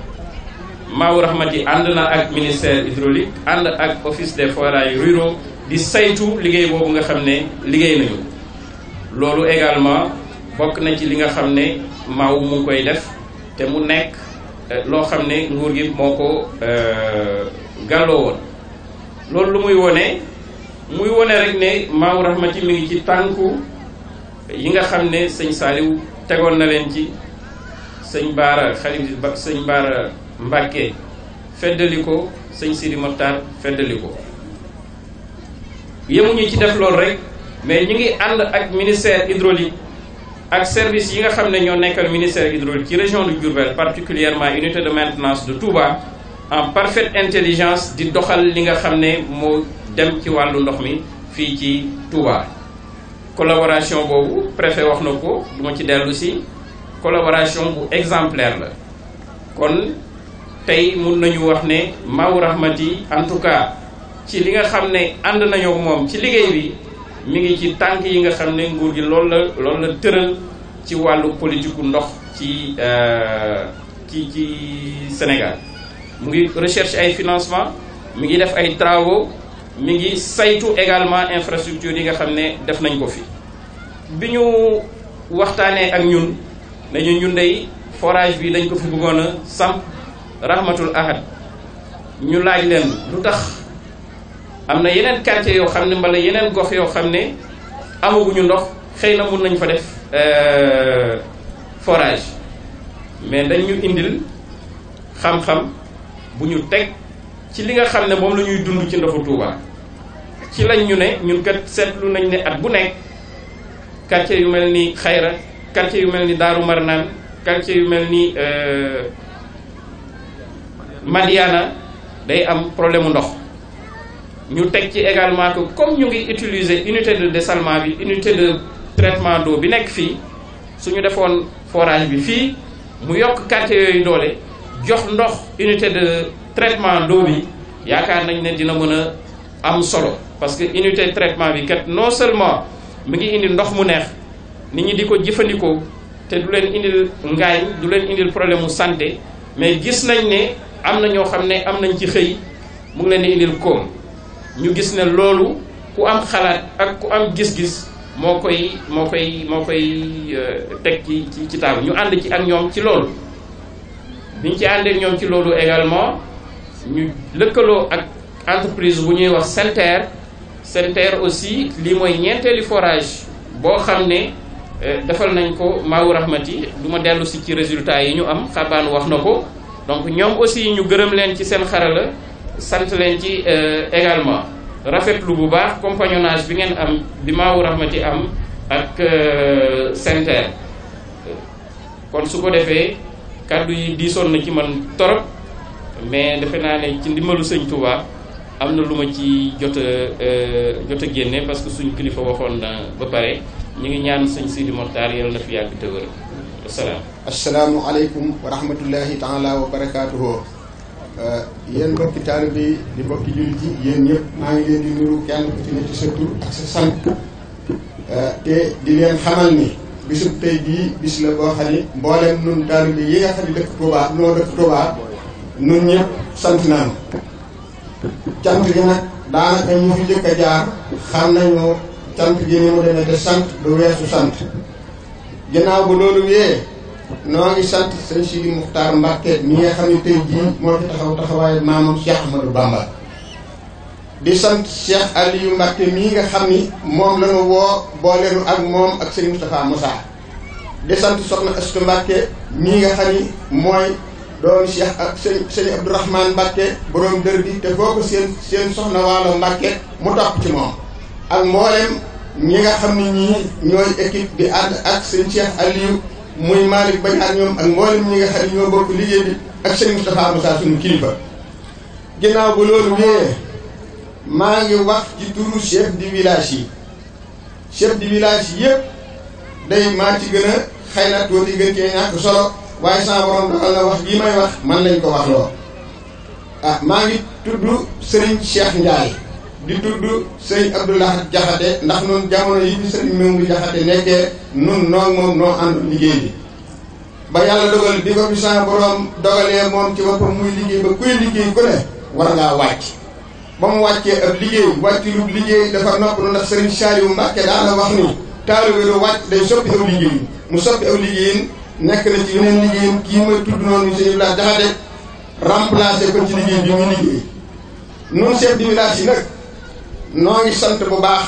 Maawu Rahmati ànd na ak ministère hydraulique ànd ak office des forages ruraux di saytu liggéey boobu nga xam ne liggéey nañu loolu également bokk na ci li nga xam ne Maawu mu koy def te mu nekk euh, loo xam ne nguur gi moo ko euh, gàlloo woon loolu lu muy wone muy wone rek ne Maawu Rahmati mi ngi ci tànku yi nga xam ne sëñ Saliou tegoon na leen ci sëñ Baara xarit sëñ Baara Mbàkke feddali ko sëñ Sidi Mokhtar feddali ko yemuñu ci def lool rek mais ñu ngi ànd ak ministère hydraulique ak service yi nga xam ne ñoo nekkal ministère hydraulique ci région de Diourbel particulièrement unité de maintenance de Touba en parfaite intelligence di doxal li nga xam ne moo dem ci wàllu ndox mi fii ci Touba collaboration boobu préfet wax na ko du ma ci dellu si collaboration bu exemplaire la kon tey mun nañu wax ne maaw rahmati en tout cas ci li nga xam ne ànd nañoo moom ci liggéey bi mi ngi ci tànk yi nga xam ne nguur gi loolu la loolu la tëral ci wàllu politique gu ndox ci euh, ci ci Sénégal mu ngi recherche ay financement mi ngi def ay travaux mi ngi saytu également infrastructure yi nga xam ne def nañ ko fi bi ñu waxtaanee ak ñun nañu ñun dey forage bi dañ ko fi bëggoon samp rahmatul ahad ñu laaj leen lu tax am na yeneen quartier yoo xam ne mbala yeneen gox yoo xam ne amaguñu ndox xëy na mun nañ fa def euh, forage mais dañ ñu indil xam-xam bu ñu teg ci li nga xam ne moom la ñuy dund ci ndoxu Touba ci lañ ñu ne ñun kat seetlu nañ ne at bu nekk quartier yu mel ni Xayra quartier yu mel ni Daaru Marnaan quartier yu mel ni euh, Madiana day am problème mu ndox ñu teg ci également que comme ñu ngi utiliser unité de dessalement bi unité de traitement d'eau bi nekk fii suñu defoon forage bi fii mu yokk quartier yooyu doole jox ndox unité de traitement d'eau bi yaakaar nañ ne dina mën a am solo parce que unité de traitement bi kat non seulement mu ngi indi ndox mu neex nit ñi di ko jëfandikoo te du leen indil ngaañ du leen indil problème mu santé mais gis nañ ne am na ñoo xam ne am nañ ci xëy mu ngi leen di indil koom ñu gis ne loolu ku am xalaat ak ku am gis-gis moo koy moo koy moo koy euh, teg ci ci ci taabu ñu ànd ci ak ñoom ci loolu biñ ci àndee ñoom ci loolu également ñu lëkkaloo ak entreprise bu ñuy wax Senterre Senterre aussi lii mooy ñenteeli forage boo xam ne euh, defal nañ ko Maawu Rahmati du ma dellu si ci résultat yi ñu am xabaan wax na ko donc ñoom aussi ñu gërëm leen ci seen xarala sant leen ci euh, également rafetlu bu baax compagnonnage bi ngeen am bi Maawu Rahmati am ak euh, Senteer kon su ko defee kàddu yi diisoon na ci man torop mais defe naa ne ci ndimbalu sëñ Touba am na lu ma ci jot a euh, jot a génne parce que suñu kilifa waxoon na ba pare ñu ngi ñaan sëñ Sidi Mokhtar yàlla na fi yàgg te asalaam asalaamualeykum wa rahmatullahi taala wa barakaatuhu uh, yéen mbokki taalibe di mbokki jullit yi yéen ñëpp ngi leen di nuyu kenn ku ci ne ci sa tur ak sa sant uh, te di leen xamal ni bisub tey bii bis la boo xam ni mboolem nun taalibe yi nga xam dëkk Touba noo dëkk Touba nun ñëpp sant naanu cant gi nag daanaka ñu fi jëkk a jaar xam nañu cant gi ni mu demee te sant du weesu sant gannaaw ba loolu wee noo ngi sant sëñ Sidi Muxtaar Mbàkke mi nga xam ne tey jii moo fi taxaw taxawaayu maamam Cheikh Ahmadou Bamba di sant Cheikh Aliou Mbàkke mii nga xam ni moom la woo booleenu ak moom ak sëñ Moustapha Moussa di sant soxna Astu Mbàkke mii nga xam ni mooy doomu Cheikh ak sëñ sëñ Abdourahmane Mbàkke borom dër bi te foo ko seen seen soxna waalo Mbàkke mu topp ci moom ak mboolem ñi nga xam ni ñii ñooy équipe bi ànd ak sëñ Cheikh Aliou muy Malick Bañaat ñoom ak mboolem ñi nga xam ne ñoo bokk liggéey bi ak sëñ Moustapha Moussa suñu kilifa. ginnaaw ba loolu wéyee maa ngi wax ci turu chef de village yi chef de village yëpp day maa ci gën a na gën cee ñàkk solo waaye sama borom dogal na wax gii may wax man lañ ko wax loo ah, maa ngi tudd Serigne Cheikh Ndiaye. di tudd sëñ Abdoulaye Jaxate ndax noonu jamono yi fi sëñ Jaxate nekkee nun noo moom noo ànd liggéey bi ba yàlla dogal di ko bi sa borom dogalee moom ci boppam muy liggéey ba kuy liggéey ku ne war ngaa ba mu wàccee ab liggéey wàcculub liggéey dafa nopp lu ndax sëriñ Saliou Mbacke daa wax ni taalibe du wàcc day soppi aw liggéeyin mu soppi aw liggéeyin nekk na ci yeneen liggéeyin kii ma tudd noonu sëñ Abdoulaye Jaxate remplacé ko ci liggéey noo sant bu baax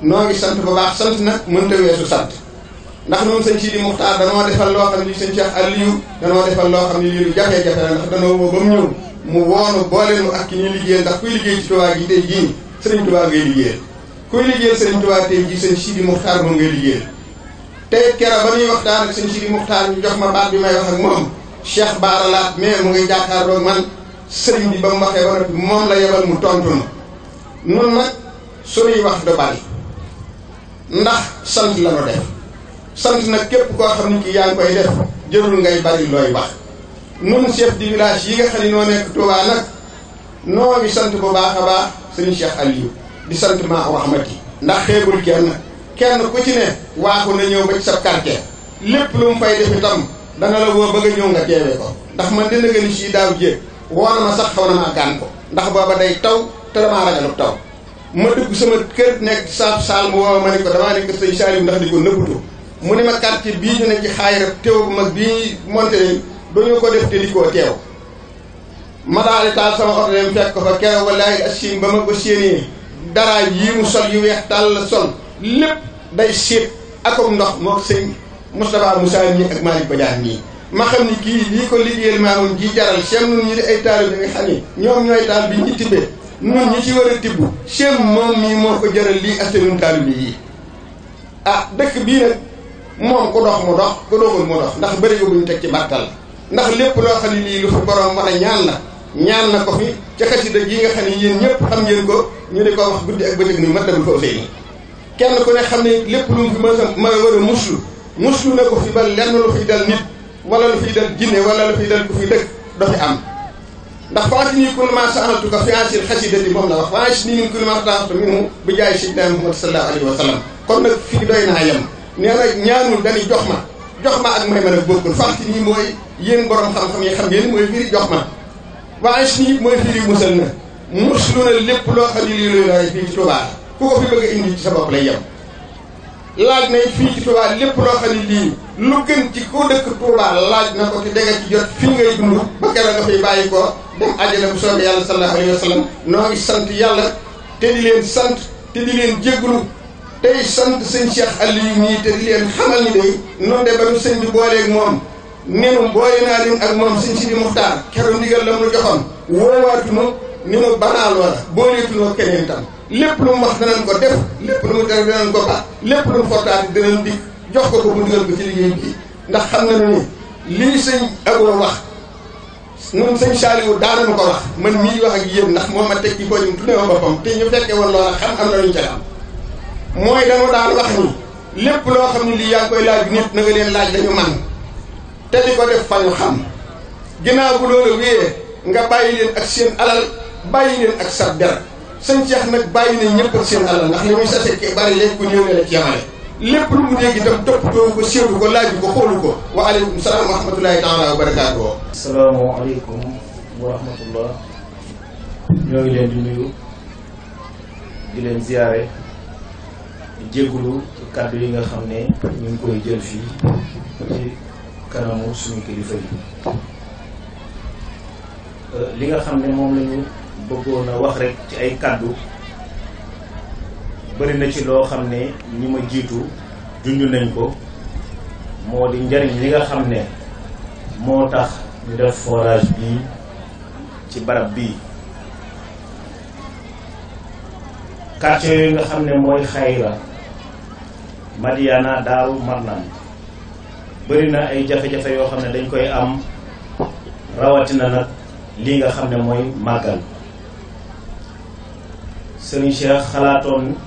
noo ngi sant bu baax sant nag mënta weesu sant ndax noonu sëñ Sidi Muxtaar danoo defal loo xam ne sëñ Cheikh Aliou danoo defal loo xam ne lii lu jafe-jafe la ndax danoo woo ba mu ñëw mu woonu boole ak ki ñu liggéeyal ndax kuy liggéey ci Tuubaa gi tey jii sëriñ Tuubaa ngay liggéeyal kuy liggéeyal sëriñ Tuubaa tey jii sëñ Sidi Muxtaar moom ngay liggéeyal tey keroog ba muy waxtaan ak sëñ Sidi ñu jox ma baat bi may wax ak moom Cheikh Baara Laat mais man sëriñ bi ba mu waxee ba noppi moom la yebal mu tontu na nun nag suñuy wax du bari ndax sant la nu def sant nag képp koo xam ne ki yaa koy def jërul ngay bari looy wax nun chef du village yi nga xam ni noo nekk Touba nag noo ngi sant bu baax a baax sëriñ Cheikh Aliou di sant maa wax ma ci ndax xeebul kenn kenn ku ci ne waaxu na ñëw ba ci sa quartier lépp lu fay def itam dana la woo bëgg ñëw nga teewee ko ndax man dina nga ni daaw jéeg woo na ma sax xaw na maa gaan ko ndax booba day taw te damaa ragal taw ma dugg sama kër nekk saaf saal mu woo ma ne ko damaa nekk sëñ Saliou ndax di ko nëbbutu mu ne ma quartier bii ñu ne ci xaayira teew bu mag bii monte leen ko def di koo teew ma daal taal sama oto dem fekk fa keroog wallaahi asim ba ma ko séenee dara yii mu sol yu weex tàll la sol lépp day séet akom ndox moo sëñ Moustapha Moussa ñii ak Malick Badiane ñii ma xam ni kii lii ko liggéeyal maamam ji jaral sem nun ñi di ay taal ni ñoom ñooy ñun ñi ci war a tibb seen moom mii moo ko jaral lii ak seen taalibe yi ah dëkk bii nag moom ku dox mu dox ku doxul mu dox ndax bëri bu ñu teg ci bàttal ndax lépp loo xam ne lii lu fi borom mën ñaan la ñaan na ko fi ca xasida yi nga xam ne yéen ñëpp xam ngeen ko ñu di ko wax guddi ak bëccëg ni mat dabul fa usey ni kenn ku ne xam ne lépp lu mu fi mën a mën a war a muslu muslu na ko fi ba lenn lu fiy dal nit wala lu fiy dal jinne wala lu fiy dal do fi ndax faansi nii kulli maa sa'altuka fi ansil xasidati moom la wax faansi nii min kulli maa sa'altuka minhu jaay Seydina Muhammad sallallahu alayhi wa kon nag fii doy naa yem nee na ñaanul dañuy jox ma jox ma ak may mën a bokkul faansi nii mooy yéen borom xam-xam yi xam ngeen mooy firi jox ma faansi nii mooy firi musal na muslu na lépp loo xam ne lii lay laaj fii ci Tuubaa ku ko fi bëgg a indi ci sa bopp yem laaj na fii ci Tuubaa lépp loo xam ne lu gën ci ku dëkk laaj na ko ci dégg ci jot fii ngay dund ba keroog nga fiy bàyyi ko dem àjjana bu soobee yàlla sallallahu alayhi wa noo ngi sant yàlla te di sant te di leen jégalu tey sant sëñ Cheikh Aliou nii te di leen xamal ni day noonu de ba nu sëñ booleeg moom nenu boole naa leen ak moom sëñ si di Muxtaar keroog ndigal la mu joxoon woowaatu ma ni ma banaal wala booleetu ma keneen lépp lu mu wax ko def lépp lu mu def danañ ko ba lépp jox ko ko mu digal ko ci liggéey bi ndax xam na ne lii sëñ Agro wax noonu sëñ Saliou daana ma ko wax man mii wax ak yéen ndax moom ma teg ci ko ñu boppam te ñu fekkee woon am na lu ñu ca am mooy dama daan wax ni lépp loo xam ne lii na leen laaj dañu man te di fa ñu xam ginnaaw bu loolu wéyee nga bàyyi leen ak seen alal bàyyi leen ak sab der sëñ Cheikh nag bàyyi na ñëpp ak seen alal ndax li muy sase bari léegi ku néew ne la lépp lu mu dégg itam toppatoo ko séeru ko laaju ko xoolu ko wa aleykum salaam wa rahmatullahi taala barakaatu o asalaamaaleykum wa rahmatullah ñoo ngi leen di nuyu di leen ziyaare di kàddu yi nga xam ne ñu ngi koy jël fii ci kanamu suñu kilifa yi euh, li nga xam ne moom la ñu wax rek ci ay kàddu bëri na ci loo xam ne ñi ma jiitu junj nañ ko moo di njariñ li nga xam ne moo tax ñu def forage bii ci barab bii quartier yooyu nga xam ne mooy xayra Madiana Daaru Marnaan bëri na ay jafe-jafe yoo xam ne dañ koy am rawatina nag lii nga xam ne mooy màggal Serigne Cheikh xalaatoon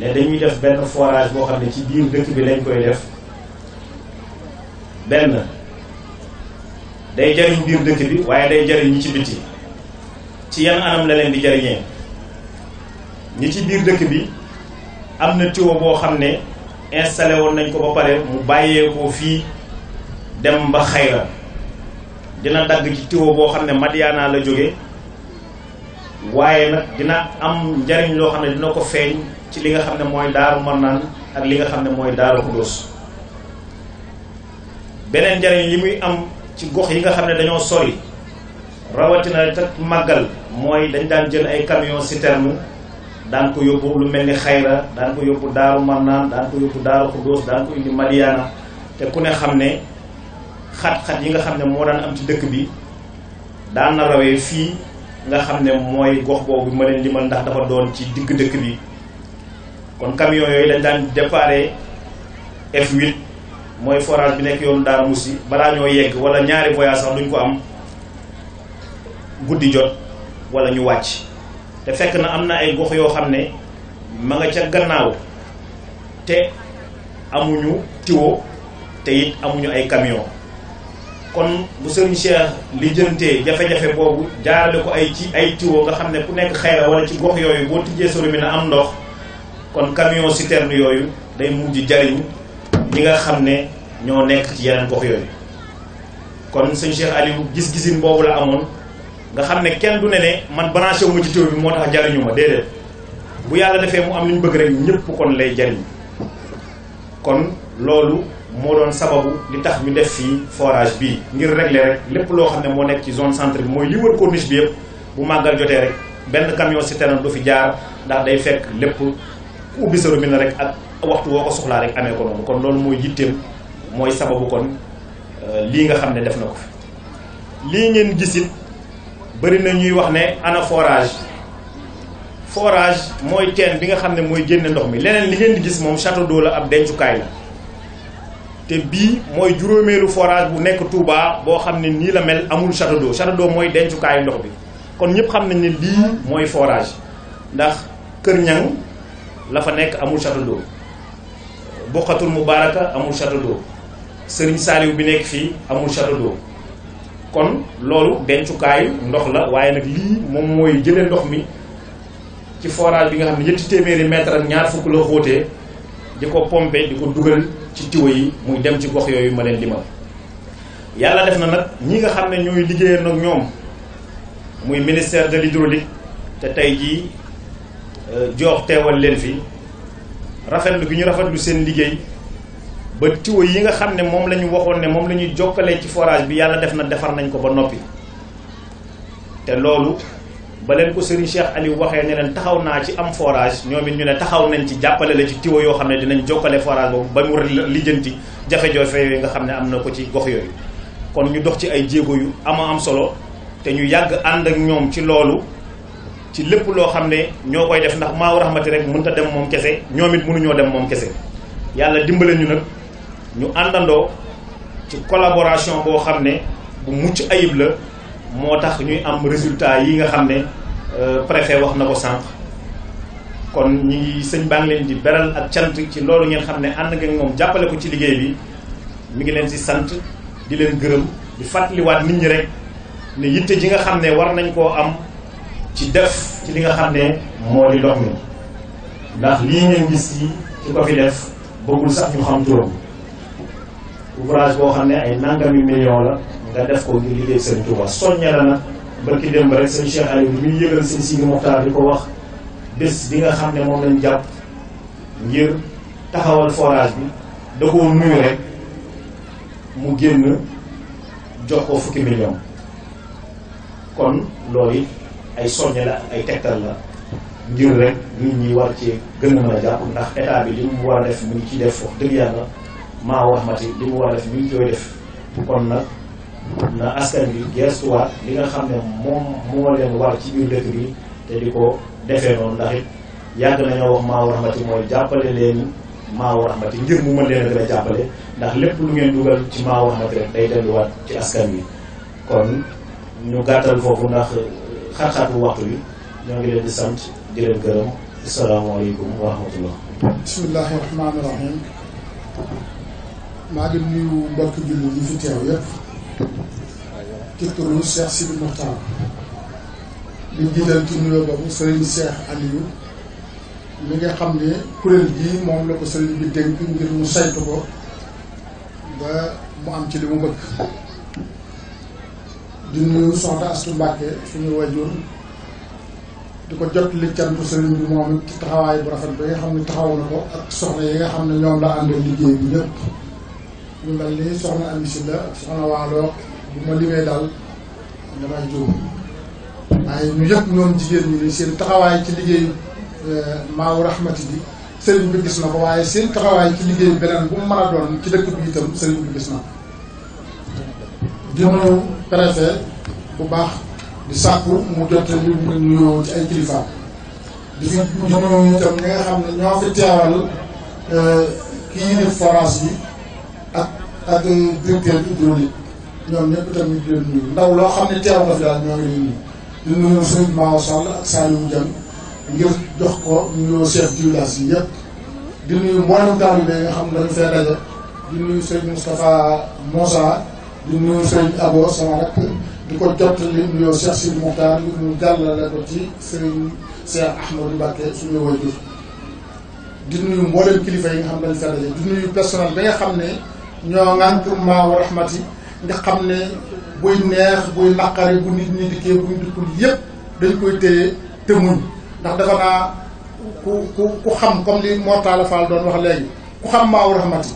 ne dañuy def benn forage boo xam ne ci biir dëkk bi lañ koy def benn day jariñ biir dëkk bi waaye day jariñ ñi ci biti ci yan anam la leen di jariñee ñi ci biir dëkk bi am na tuyau boo xam ne installé woon nañ ko ba pare mu bàyyeekoo fii dem ba xayra dina dagg ci tuyau boo xam ne Madiana la jóge waaye nag dina am njariñ loo xam ne dina ko feeñ ci li nga xam ne mooy daaru mannaan ak li nga xam ne mooy daaru xudóos beneen njariñ li muy am ci gox yi nga xam ne dañoo sori rawatina te màggal mooy dañ daan jël ay camion citerne daan ko yóbbu lu mel ni xayra daan ko yóbbu daaru mannaan daan ko yóbbu daaru xudóos daan ko indi madiana te ku ne xam ne xat-xat yi nga xam ne moo daan am ci dëkk bi daan na rawee fii nga xam ne mooy gox boobu ma leen limal ndax dafa doon ci digg dëkk bi kon camion yooyu dañ daan déparé F8 mooy forage bi nekk yoonu Darou Moussi balaa ñoo yegg wala ñaari voyage sax duñ ko am guddi jot wala ñu wàcc te fekk na am na ay gox yoo xam ne ma nga ca gannaaw te amuñu tiwo te it amuñu ay camion kon bu sëriñ Cheikh li jëntee jafe-jafe boobu jaarale ko ay ci ay tiwoo nga xam ne ku nekk xayra wala ci gox yooyu boo tijjee sori na am ndox kon camion citerne yooyu day mujj jariñ ñi nga xam ne ñoo nekk ci yeneen gox yooyu kon sëñ Cheikh Aliou gis-gisin boobu la amoon nga xam ne kenn du ne ne man branché wu ma ci teew bi moo tax jariñu ma déedéet bu yàlla defee mu am lu ñu bëgg rek ñëpp kon lay jariñ kon loolu moo doon sababu li tax ñu def fii forage bii ngir régler rek lépp loo xam ne moo nekk ci zone centre bi mooy li wër corniche bi yëpp bu màggal jotee rek benn camion citerne du fi jaar ndax day fekk ku ubbi sa robinet rek ak waxtu woo ko soxlaa rek amee ko noonu kon loolu mooy yitteem mooy sababu kon euh, lii nga xam ne def na ko fi lii ngeen gis it bëri na ñuy wax ne ana forage forage mooy teen bi nga xam ne mooy génne ndox mi leneen li ngeen di gis moom château d'eau la ab dencukaay la te bii mooy juróomeelu forage bu nekk Touba boo xam ne nii la mel amul château d'eau château mooy dencukaayu ndox bi kon ñépp xam nañ ne lii mooy forage ndax Kër Ñang la fa nekk amul château d'eau Bokkatul Mubaraka amul château d'eau Serigne bi nekk fii amul château kon loolu dencukaayu ndox la waaye nag lii moom mooy jëlee ndox mi ci forage bi nga xam ne ñetti téeméeri mètre ak ñaar fukk la xóotee di ko pompe di ko dugal ci tiwo yi muy dem ci gox yooyu ma leen limal yàlla def na nag ñi nga xam ne ñooy liggéeyal nag ñoom muy ministère de l'hydraulique te tey jii joox teewal leen fi rafetlu gi ñu rafetlu seen liggéey ba tiwo yi nga xam ne moom la ñu waxoon ne moom la ñuy jokkalee ci forage bi yàlla def na defar nañ ko ba noppi te loolu ba leen ko Serigne Cheikh Aliou waxee ne leen taxaw naa ci am forage ñoom it ñu ne taxaw nañ ci jàppale la ci tiwo yoo xam ne dinañ jokkale forage boobu ba mu lijjanti jafe-jafe yooyu nga xam ne am na ko ci gox yooyu kon ñu dox ci ay jéego yu ama am solo te ñu yàgg ànd ak ñoom ci loolu ci lépp loo xam ne ñoo koy def ndax maaw rahmati rek mënut a dem moom kese ñoom it mënuñoo dem moom kese yàlla dimbale ñu nag ñu àndandoo ci collaboration boo xam ne bu mucc ayib la moo tax ñuy am résultat yi nga xam ne euh, préfet wax na ko sànq kon ñi sëñ baa ngi leen di beral ak cant ci loolu ngeen xam ne ànd nga moom jàppale ko ci liggéey bi mi ngi leen ci sant di leen gërëm di fàttaliwaat nit ñi rek ne yitte ji nga xam ne war nañ koo am ci def ci li nga xam ne moo di dox mi ndax lii ngeen gis yi ci ko fi def bëggul sax ñu xam turam ouvrage boo xam ne ay nangami million la nga def ko ngir liggéey Sëriñ Tuuba soññe la nag barki démb rek sëñ Cheikh Aliou bi yëgal sëñ Sidi Mokhtar di ko wax bés bi nga xam ne moom lañ jàpp ngir taxawal forage bi da koo nuyu rek mu génn jox ko fukki million kon loolu it ay soññe la ak ay tegtal la ngir rek nit ñi war cee gën a mën a jàpp ndax état bi li mu war a def mu ngi ciy def wax dëgg yàlla maa wax mati li mu war a def kon nag na askan bi gestuwaat li nga xam ne moom moo leen war ci biir dëkk bi te di ko defe noonu ndax it yàgg nañoo wax maawu raxmati mooy jàppale leen maawu raxmati ngir mu mën leen a gën a jàppale ndax lépp lu ngeen dugal ci maawu raxmati rek day delluwaat ci askan wi kon ñu gàttal foofu ndax xat-xatu waxtu bi ñoo ngi leen di sant di leen gërëm asalaamaaleykum wa rahmatullah bismillahi rahmaani rahim maa ngi nuyu mbokk jullit yi fi teew yépp ci turu Cheikh Sidi Mokhtar di jiital ci nuyoo boobu Serigne nga xam ne kuréel gii moom la ko Serigne bi dénk ngir mu saytu ko ba mu am ci li mu bëgg di nuyu soxna Astu Mbàkke suñu wajur di ko jot li cantu sëriñ bi taxawaay bu rafet bi xam ne taxaw na ko ak soxna yi nga xam ne ñoom la àndal liggéey bi ñu mel ni soxna Ami Sylla ak soxna Waalo bu ma limee daal damay juum waaye ñu yëpp ñoom jigéen ñi ni seen taxawaay ci liggéey eh, maawu rahmati bi sëriñ bi gis na ko waaye seen taxawaay ci liggéey beneen bu mu mën a doon bi gis na ko préfet bu baax di sàkku mu jot li mu nuyoo ci ay kilifa di fi di nuyu itam ñi nga xam ne ñoo fi teewal euh, kii ni forage bi ak ak directeur hydraulique ñoom ñëpp itam ñu leen nuyu ndaw loo xam ne teew na fi daal ñoo ngi leen nuyu di nuyu Serigne Mao Sall ak Saliou Dieng ngir jox ko nuyoo chef du village yi yëpp di nuyu mboolem taalibe yi nga xam ne dañu fee daje di nuyu Serigne Moustapha Moussa di nuyu sëriñ Abo sama rakk di ko jot li nuyoo Cheikh Sidi Mokhtar ñu jàllale ko ci sëriñ Cheikh Ahmadou Mbacké suñu waajur di nuyu mboolem kilifa yi nga xam dañ fa di nuyu personnel bi nga xam ne ñoo ngaan pour nga xam ne buy neex buy naqari bu nit ñi dikkee bu ñu dikkul yëpp dañ koy téye te muñ ndax dafa naa ku ku ku xam comme li Mor Talla doon wax léegi ku xam maa wa rahmati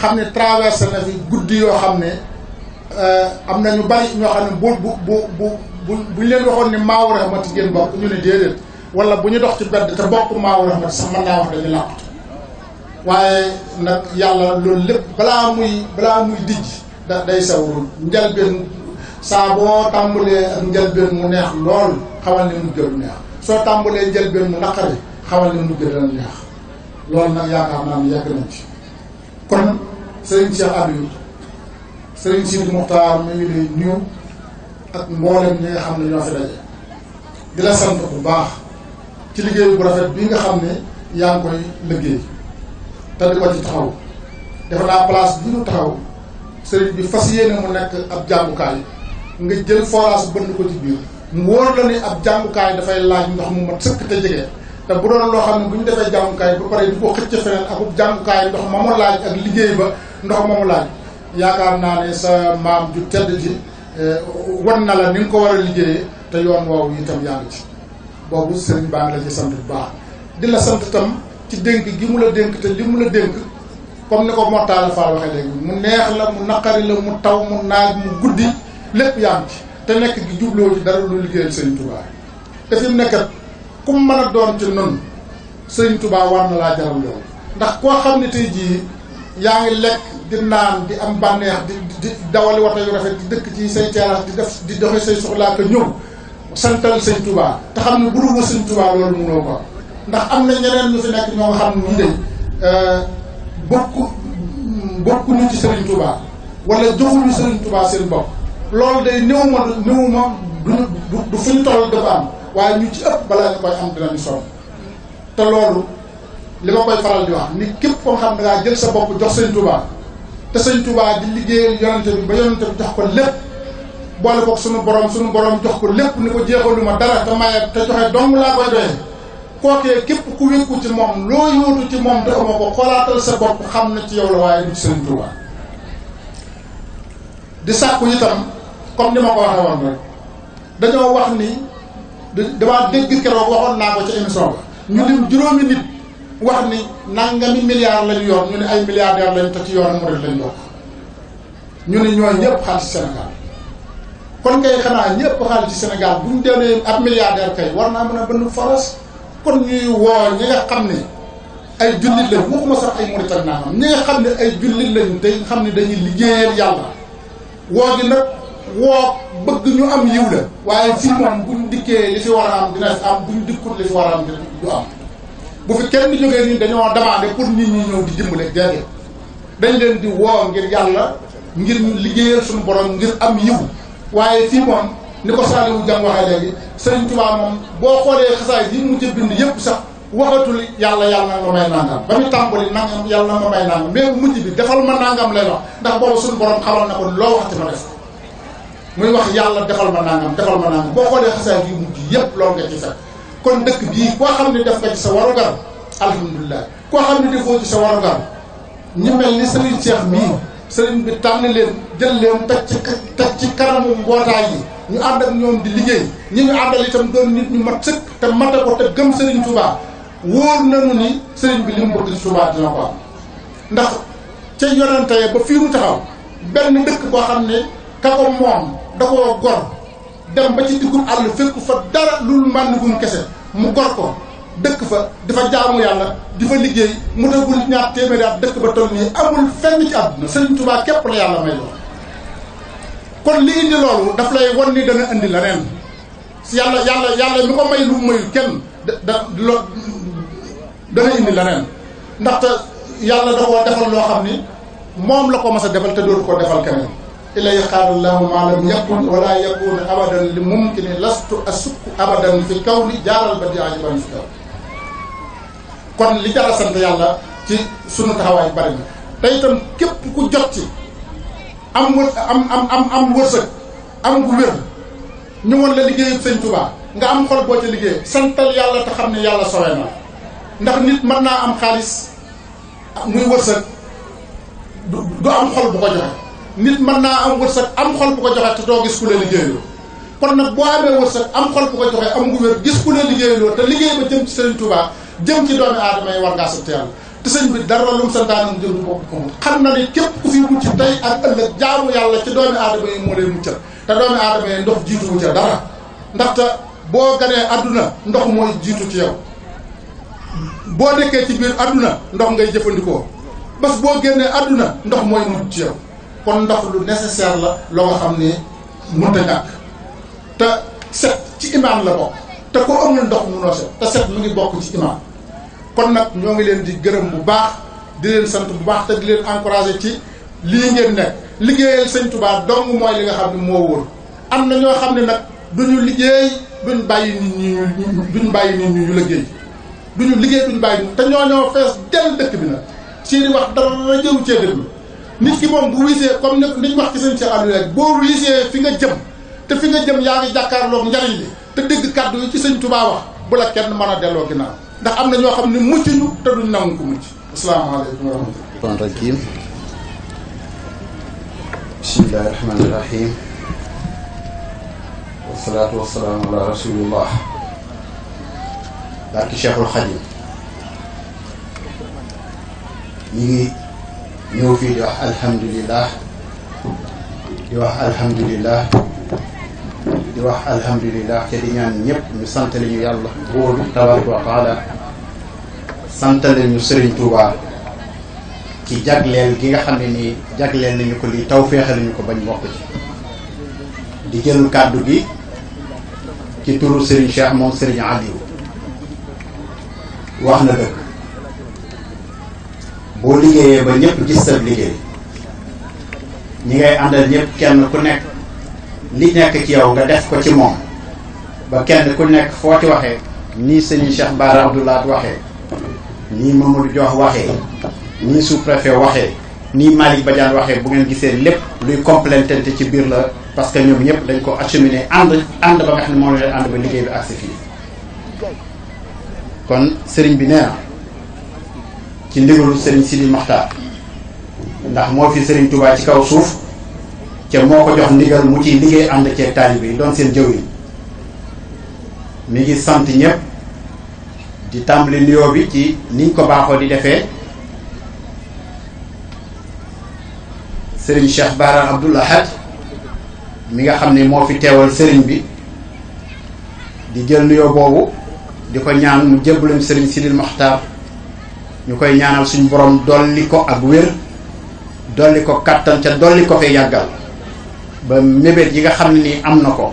xam ne traversé na fi guddi yoo xam ne Euh, am na ñu bari ñoo xam ne bu bu bu bu bu buñ leen waxoon ne maawu rahmati ngeen bokk ñu ne déedéet wala bu ñu dox ci bedd te bokk maawu rahmati sax mën naa wax dañu làqut waaye nag yàlla loolu lépp balaa muy balaa muy dijj da day sawrul njalbeen saa boo tàmbalee ak njalbeen mu neex lool xamal ne mu gëru neex soo tàmbalee njalbeen mu naqari xamal ne mu gëru neex loolu nag yaakaar naa ne yàgg nañ ci kon sëriñ Cheikh Abdou Serigne Sidi Muxtaar mi ngi lay nuyu ak mboolem ñi nga xam ne ñoo fi daje di la sant bu baax ci liggéey bu rafet bii nga xam ne yaa ngi koy liggéey te di ko ci taxaw defe naa place bi ñu taxaw sëriñ bi fas yéene mu nekk ab jàngukaay nga jël forage bënd ko ci biir mu wóor la ni ab jàngukaay dafay laaj ndox mu mat sëkk te jege te bu doon loo xam ne bu ñu defee jàngukaay ba pare di ko xëcc feneen akub jàngukaay ndox ma mu laaj ak liggéey ba ndox ma mu yaakaar naa ne sa maam ju tedd ji eh, wan na la ni nga ko war a liggéeyee te yoon woowu itam yaa ngi ci boobu sëriñ baa ngi la ci sant bu baax di la sant itam ci dénk gi mu la dénk te li mu la dénk comme ni ko moo taal faa waxee léegi mu neex la mu naqari la mu taw mu naaj mu guddi lépp yaa ngi ci te nekk gi jubloo ci dara lu liggéeyal sëriñ Touba te fi mu nekkat ku mu mën a doon ci noonu sëriñ Touba war laa jaral loolu ndax koo xam ne tey jii yaa ngi lekk di naan di am bànneex di di dawali wata yu rafet di dëkk ci say terrasse di def di doxe say soxlaa ko ñëw santal sëñ Touba te xam ne bu dul sëñ Touba loolu mënoo ko ndax am na ñeneen ñu fi nekk ñoo nga xam ne ñi de euh, bokku ci sëriñ Touba wala joxuñu sëriñ Touba seen bopp loolu de néew ma néew ma du du fu ñu toll dafa am waaye ñu ci ëpp balaa ñu koy am dinañu sonn te loolu li ma koy faral di wax ni képp koo xam ne ngaa jël sa bopp jox sëriñ Touba te sëñ Tuubaa di liggéeyal yonante bi ba yonante bi jox ko lépp boole ko sunu boroom sunu borom jox ko lépp ni ko jeexalu ma dara te maye te joxe dong laa koy doyee kookee képp ku wékku ci moom loo yóotu ci moom doxuma ko xolaatal sa bopp xam na ci yow la waaye du ci sëñ di sàkku itam comme ni ma ko waxee woon rek dañoo wax ni damaa dégg keroog waxoon naa ko ca émission ba ñu lim juróomi nit wax ni nangami milliards lañu yoon ñu ne ay milliardaires lañ te ci yoonu murid lañ bokk ñu ne ñooy ñëpp xaalis Sénégal kon kay xanaa ñëpp xaalis ci Sénégal bu ñu demee ab milliardaire kay war naa mën a bënn faras kon ñuy woo ñi nga xam ne ay jullit lañ waxuma sax ay murid ak naamam ñi nga xam ne ay jullit lañ day xam ne dañuy liggéeyal yàlla woo gi nag woo bëgg ñu am yiw la waaye fii moom buñ dikkee li fi war a am dina am buñ dikkut li bu fi kenn jógee nii dañoo demandé pour nit ñi ñëw di dimbale déedéet dañ leen di woo ngir yàlla ngir liggéeyal suñu borom ngir am yiw waaye fii moom ni ko Saliou jàng waxee léegi Sëriñ Tuubaa moom boo xoolee xasaay yi mu ci bind yëpp sax waxatul yàlla yàlla na ma may nangam ba mu tàmbali nangam yàlla na may nangam mais bu mujj bi defal ma nangam lay wax ndax boobu suñu borom xamal na ko loo wax ci ma def muy wax yàlla defal ma nangam defal ma nangam boo xoolee xasaay yi mujj yëpp loolu nga kon dëkk bii koo xam ne def nga ci sa warugar alhamdulilah koo xam ne defoo ci sa warugar ñu mel ni Serigne Cheikh mii Serigne bi tànn leen jël leen teg ci teg ci kanamu mbootaay yi ñu ànd ak ñoom di liggéey ñi ñu àndal itam doon nit ñu mat sëkk te mata ko te gëm Serigne Touba wóor nañu ni Serigne bi li mu bëgg ci dina ko am ndax ca yonante ba fiiru mu taxaw benn dëkk boo xam ne ka ko moom da koo gor. dem ba ci diggu àll fekku fa dara lul màndugum kese mu gor ko dëkk fa dafa jaamu yàlla di fa liggéey mu dagul ñaar téeméeri at dëkk ba toll nii amul fenn ci àdduna Sëriñ Tuubaa képp la yàlla may loolu kon li indi loolu daf lay wan ni dana indi leneen yàlla yàlla yàlla mi ko may lu mayul kenn da lo dana indi leneen ndaxte yàlla da koo defal loo xam ni moom la ko mas a defal te dootu ko defal keneen illa yaxaaru lahu ma lam yakun wala yakun abadan li mumkini lastu asukku abadan fi ni jaaral ba di ajiban fi kaw kon li jar sant yàlla ci sunu taxawaay bari na te itam képp ku jot ci am wër am wërsëg am gu wér ñu la liggéeyub sëñ Tuubaa nga am xol boo ca liggéey santal yàlla te xam ne yàlla sowe na ndax nit mën naa am xaalis ah, muy wërsëg du am xol bu ko joxe nit mën naa am wërsëg am xol bu ko joxe te doo gis ku la liggéeyloo kon nag boo amee wërsëg am xol bu ko joxe am gu wér gis ku la liggéeyloo te liggéey ba jëm ci Serigne Touba jëm ci doomi aadama yi war ngaa sant yàlla te sëñ bi dara na ni képp ku fi mucc tey ak ëllëg jaamu moo lay muccal te doomi aadama yi ndox jiituwu ca dara ndaxte boo ganee àdduna ndox mooy jiitu ci yaw boo nekkee ci biir àdduna ndox ngay jëfandikoo bés boo génnee àdduna ndox mooy mujj ci yow kon ndox lu nécessaire la loo nga xam ne mënut a ñàkk te set ci imaam la bokk te ko amul ndox munoo set te set mu ngi bokk ci imaam kon nag ñoo ngi leen di gërëm bu baax di leen sant bu baax te di leen encouragé ci lii ngeen nekk liggéeyal sëñ Tuubaa dong mooy li nga xam ne moo woon am na ñoo xam ne nag duñu liggéey duñ bàyyi nit ñi duñ bàyyi nit ñi ñu liggéey duñu liggéey du duñu bàyyi te ñoo ñoo fees del dëkk bi nag seen i wax dara jëw cee déglu nit ki moom bu wisee comme ni ñu wax ci seen Cheikh boo wisee fi nga jëm te fi nga jëm yaa ngi jàkkaarloog njariñ li te dégg kàddu yi ci sëñ Tuubaa bu la kenn mën a delloo ginnaaw ndax am na ñoo xam ne mucc ñu te duñ nangu ko mucc asalaamaaleykum wa rahmatulah rakim bismillahi rahmaani rahim wasalaatu wasalaamu ala rasulillah barki Cheikhul Xadim ñi ngi ñëw fii di wax alhamdulilah di wax alhamdulilah di wax alhamdulilah te di ñaan ñëpp ñu santale ñu yàlla buur tabaraka wa taala santale ñu Serigne Touba ki jagleel gi nga xam ne nii jagleel nañu ko lii taw féexal nañu ko bañ bokk ci di jël kàddu gi ci turu Serigne Cheikh moom Serigne Aliou wax na dëgg boo liggéeyee ba ñëpp gis sa liggéey ñi ngay àndal ñëpp kenn ku nekk li nekk ci yow nga def ko ci moom ba kenn ku nekk foo ci waxee nii Serigne Cheikh Bara Abdou Lahad waxee nii Mamadou Jox waxee nii sous-préfet waxee nii ba Badiane waxee bu ngeen gisee lépp luy complémentante ci biir la parce que ñoom ñëpp dañ ko acheminé ànd ànd ba nga xam ne moom la leen ànd ba liggéey bi agsi fii kon sëriñ bi nee ci ndigalu sëriñ Sidi Maxtaar ndax moo fi sëriñ Touba ci kaw suuf te moo ko jox ndigal mu ciy liggéey ànd ceeg taalibe yi doon seen jëwriñ mu ngi sant ñëpp di tàmbali nuyoo bi ci niñ ko baaxoo di defee sëriñ Cheikh Bara Abdoul Ahad mi nga xam ne moo fi teewal sëriñ bi di jël nuyoo boobu di ko ñaan mu jébbalam sëriñ Sidil Maxtaar ñu koy ñaanal suñu borom li ko ak wér li ko kàttan ca dool li ko fee yàggal ba mébét yi nga xam ne nii am na ko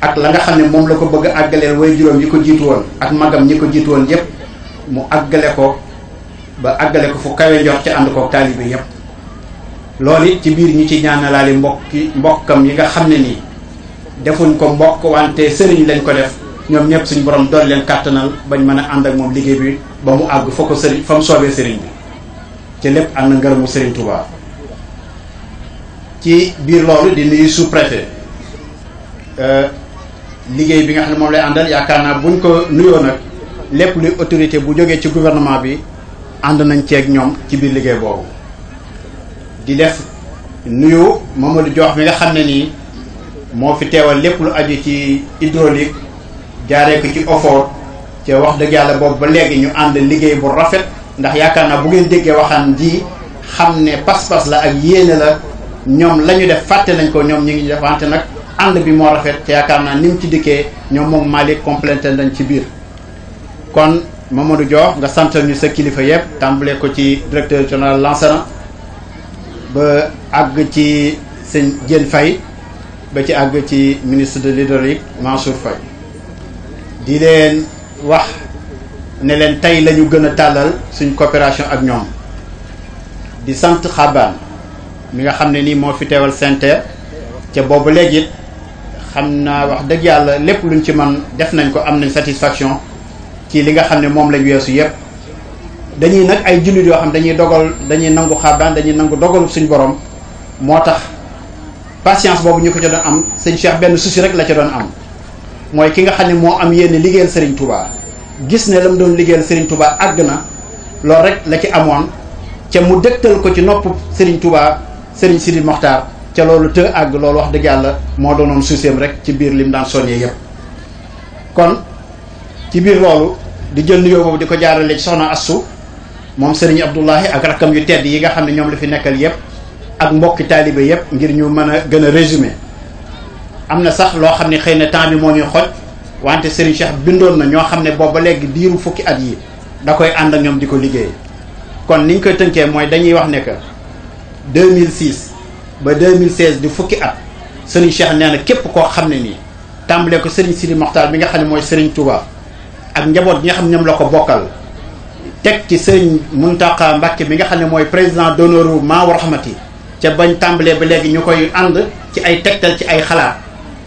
ak la nga xam ne moom la ko bëgg a àggaleel way juróom yi ko jiitu woon ak magam ñi ko jiitu woon yépp mu àggale ko ba àggale ko fu kawe njox ci ànd ko taalibe yépp loolu it ci biir ñi ci ñaanalaale mbokki mbokkam yi nga xam ne nii defuñ ko mbokk wante sëriñ lañ ko def ñoom ñëpp suñu borom dool leen kàttanal bañ mën a ànd ak moom liggéey bi ba mu àgg foo ko sëriñ fa mu soobee sëriñ bi ci lépp am na ngërëmu sëriñ Touba ci biir loolu di nuyu sous-préfet euh, liggéey bi nga xam ne moom lay àndal yaakaar naa buñ ko nuyoo nag lépp luy autorité bu jógee ci gouvernement bi ànd nañ ceeg ñoom ci biir liggéey boobu di def nuyu Mamadou Diokh mi nga xam ne nii moo fi teewal lépp lu aju ci hydraulique jaaree ko ci effort te wax dëgg yàlla boobu ba léegi ñu ànd liggéey bu rafet ndax yaakaar naa bu ngeen déggee waxaan ji xam ne pas-pas la ak yéene la ñoom la ñu def fàtte lañ ko ñoom ñu ngi def defante nag ànd bi moo rafet te yaakaar naa ni ci dikkee ñoom moom Malick complété nañ ci biir kon Mamadou Dior nga santal ñu sa kilifa yëpp tàmbalee ko ci directeur général Lansana ba àgg ci sëñ Diène Faye ba ci àgg ci ministre de l'hydraulique Mansour Faye di leen wax ne leen tey lañu ñu gën a tàllal suñ coopération ak ñoom di sant xabaan mi nga xam ne nii moo fi teewal SENTER ca boobu léegi xam naa wax dëgg yàlla lépp luñ ci man def nañ ko am nañ satisfaction ci li nga xam ne moom lañ weesu yépp dañuy nag ay jullit yoo xam dañuy dogal dañuy nangu xabaan dañuy nangu dogalu suñ borom moo tax patience boobu ñu ko ca doon am sëñ Cheikh benn souci rek la ca doon am mooy ki nga xam ne moo am yenn liggéeyal Serigne Touba gis ne la mu doon liggéeyal Serigne Touba àgg na lool rek la ci amoon ca mu dëgtal ko ci noppu sëriñ Touba sëriñ Sidi Mokhtar ca loolu të àgg loolu wax dëgg yàlla moo doonoon suuseem rek ci biir lim daan soññee yépp kon ci biir loolu di jël yow boobu di ko jaarale ci soxna Assu moom Serigne Abdoulahi ak rakkam yu tedd yi nga xam ne ñoom la fi nekkal yépp ak mbokki taalibe yépp ngir ñu mën a gën a résumé am na sax loo xam ne xëy na temps bi moo ñuy xoj wante Serigne Cheikh bindoon na ñoo xam ne booba léegi diiru fukki at yi da koy ànd ak ñoom di ko liggéey kon niñ koy tënkee mooy dañuy wax ne que 2006 ba 2016 di fukki at Serigne Cheikh nee na képp koo xam ne nii tàmbalee ko Serigne Sidi Mokhtar bi nga xam ne mooy Serigne Touba ak njaboot bi xam ne ñoom la ko bokkal teg ci Serigne Mountakha Mbacké bi nga xam ne mooy président d'honneur Maa wa rahmati ca bañ tàmbalee ba léegi ñu koy ànd ci ay tegtal ci ay xalaat.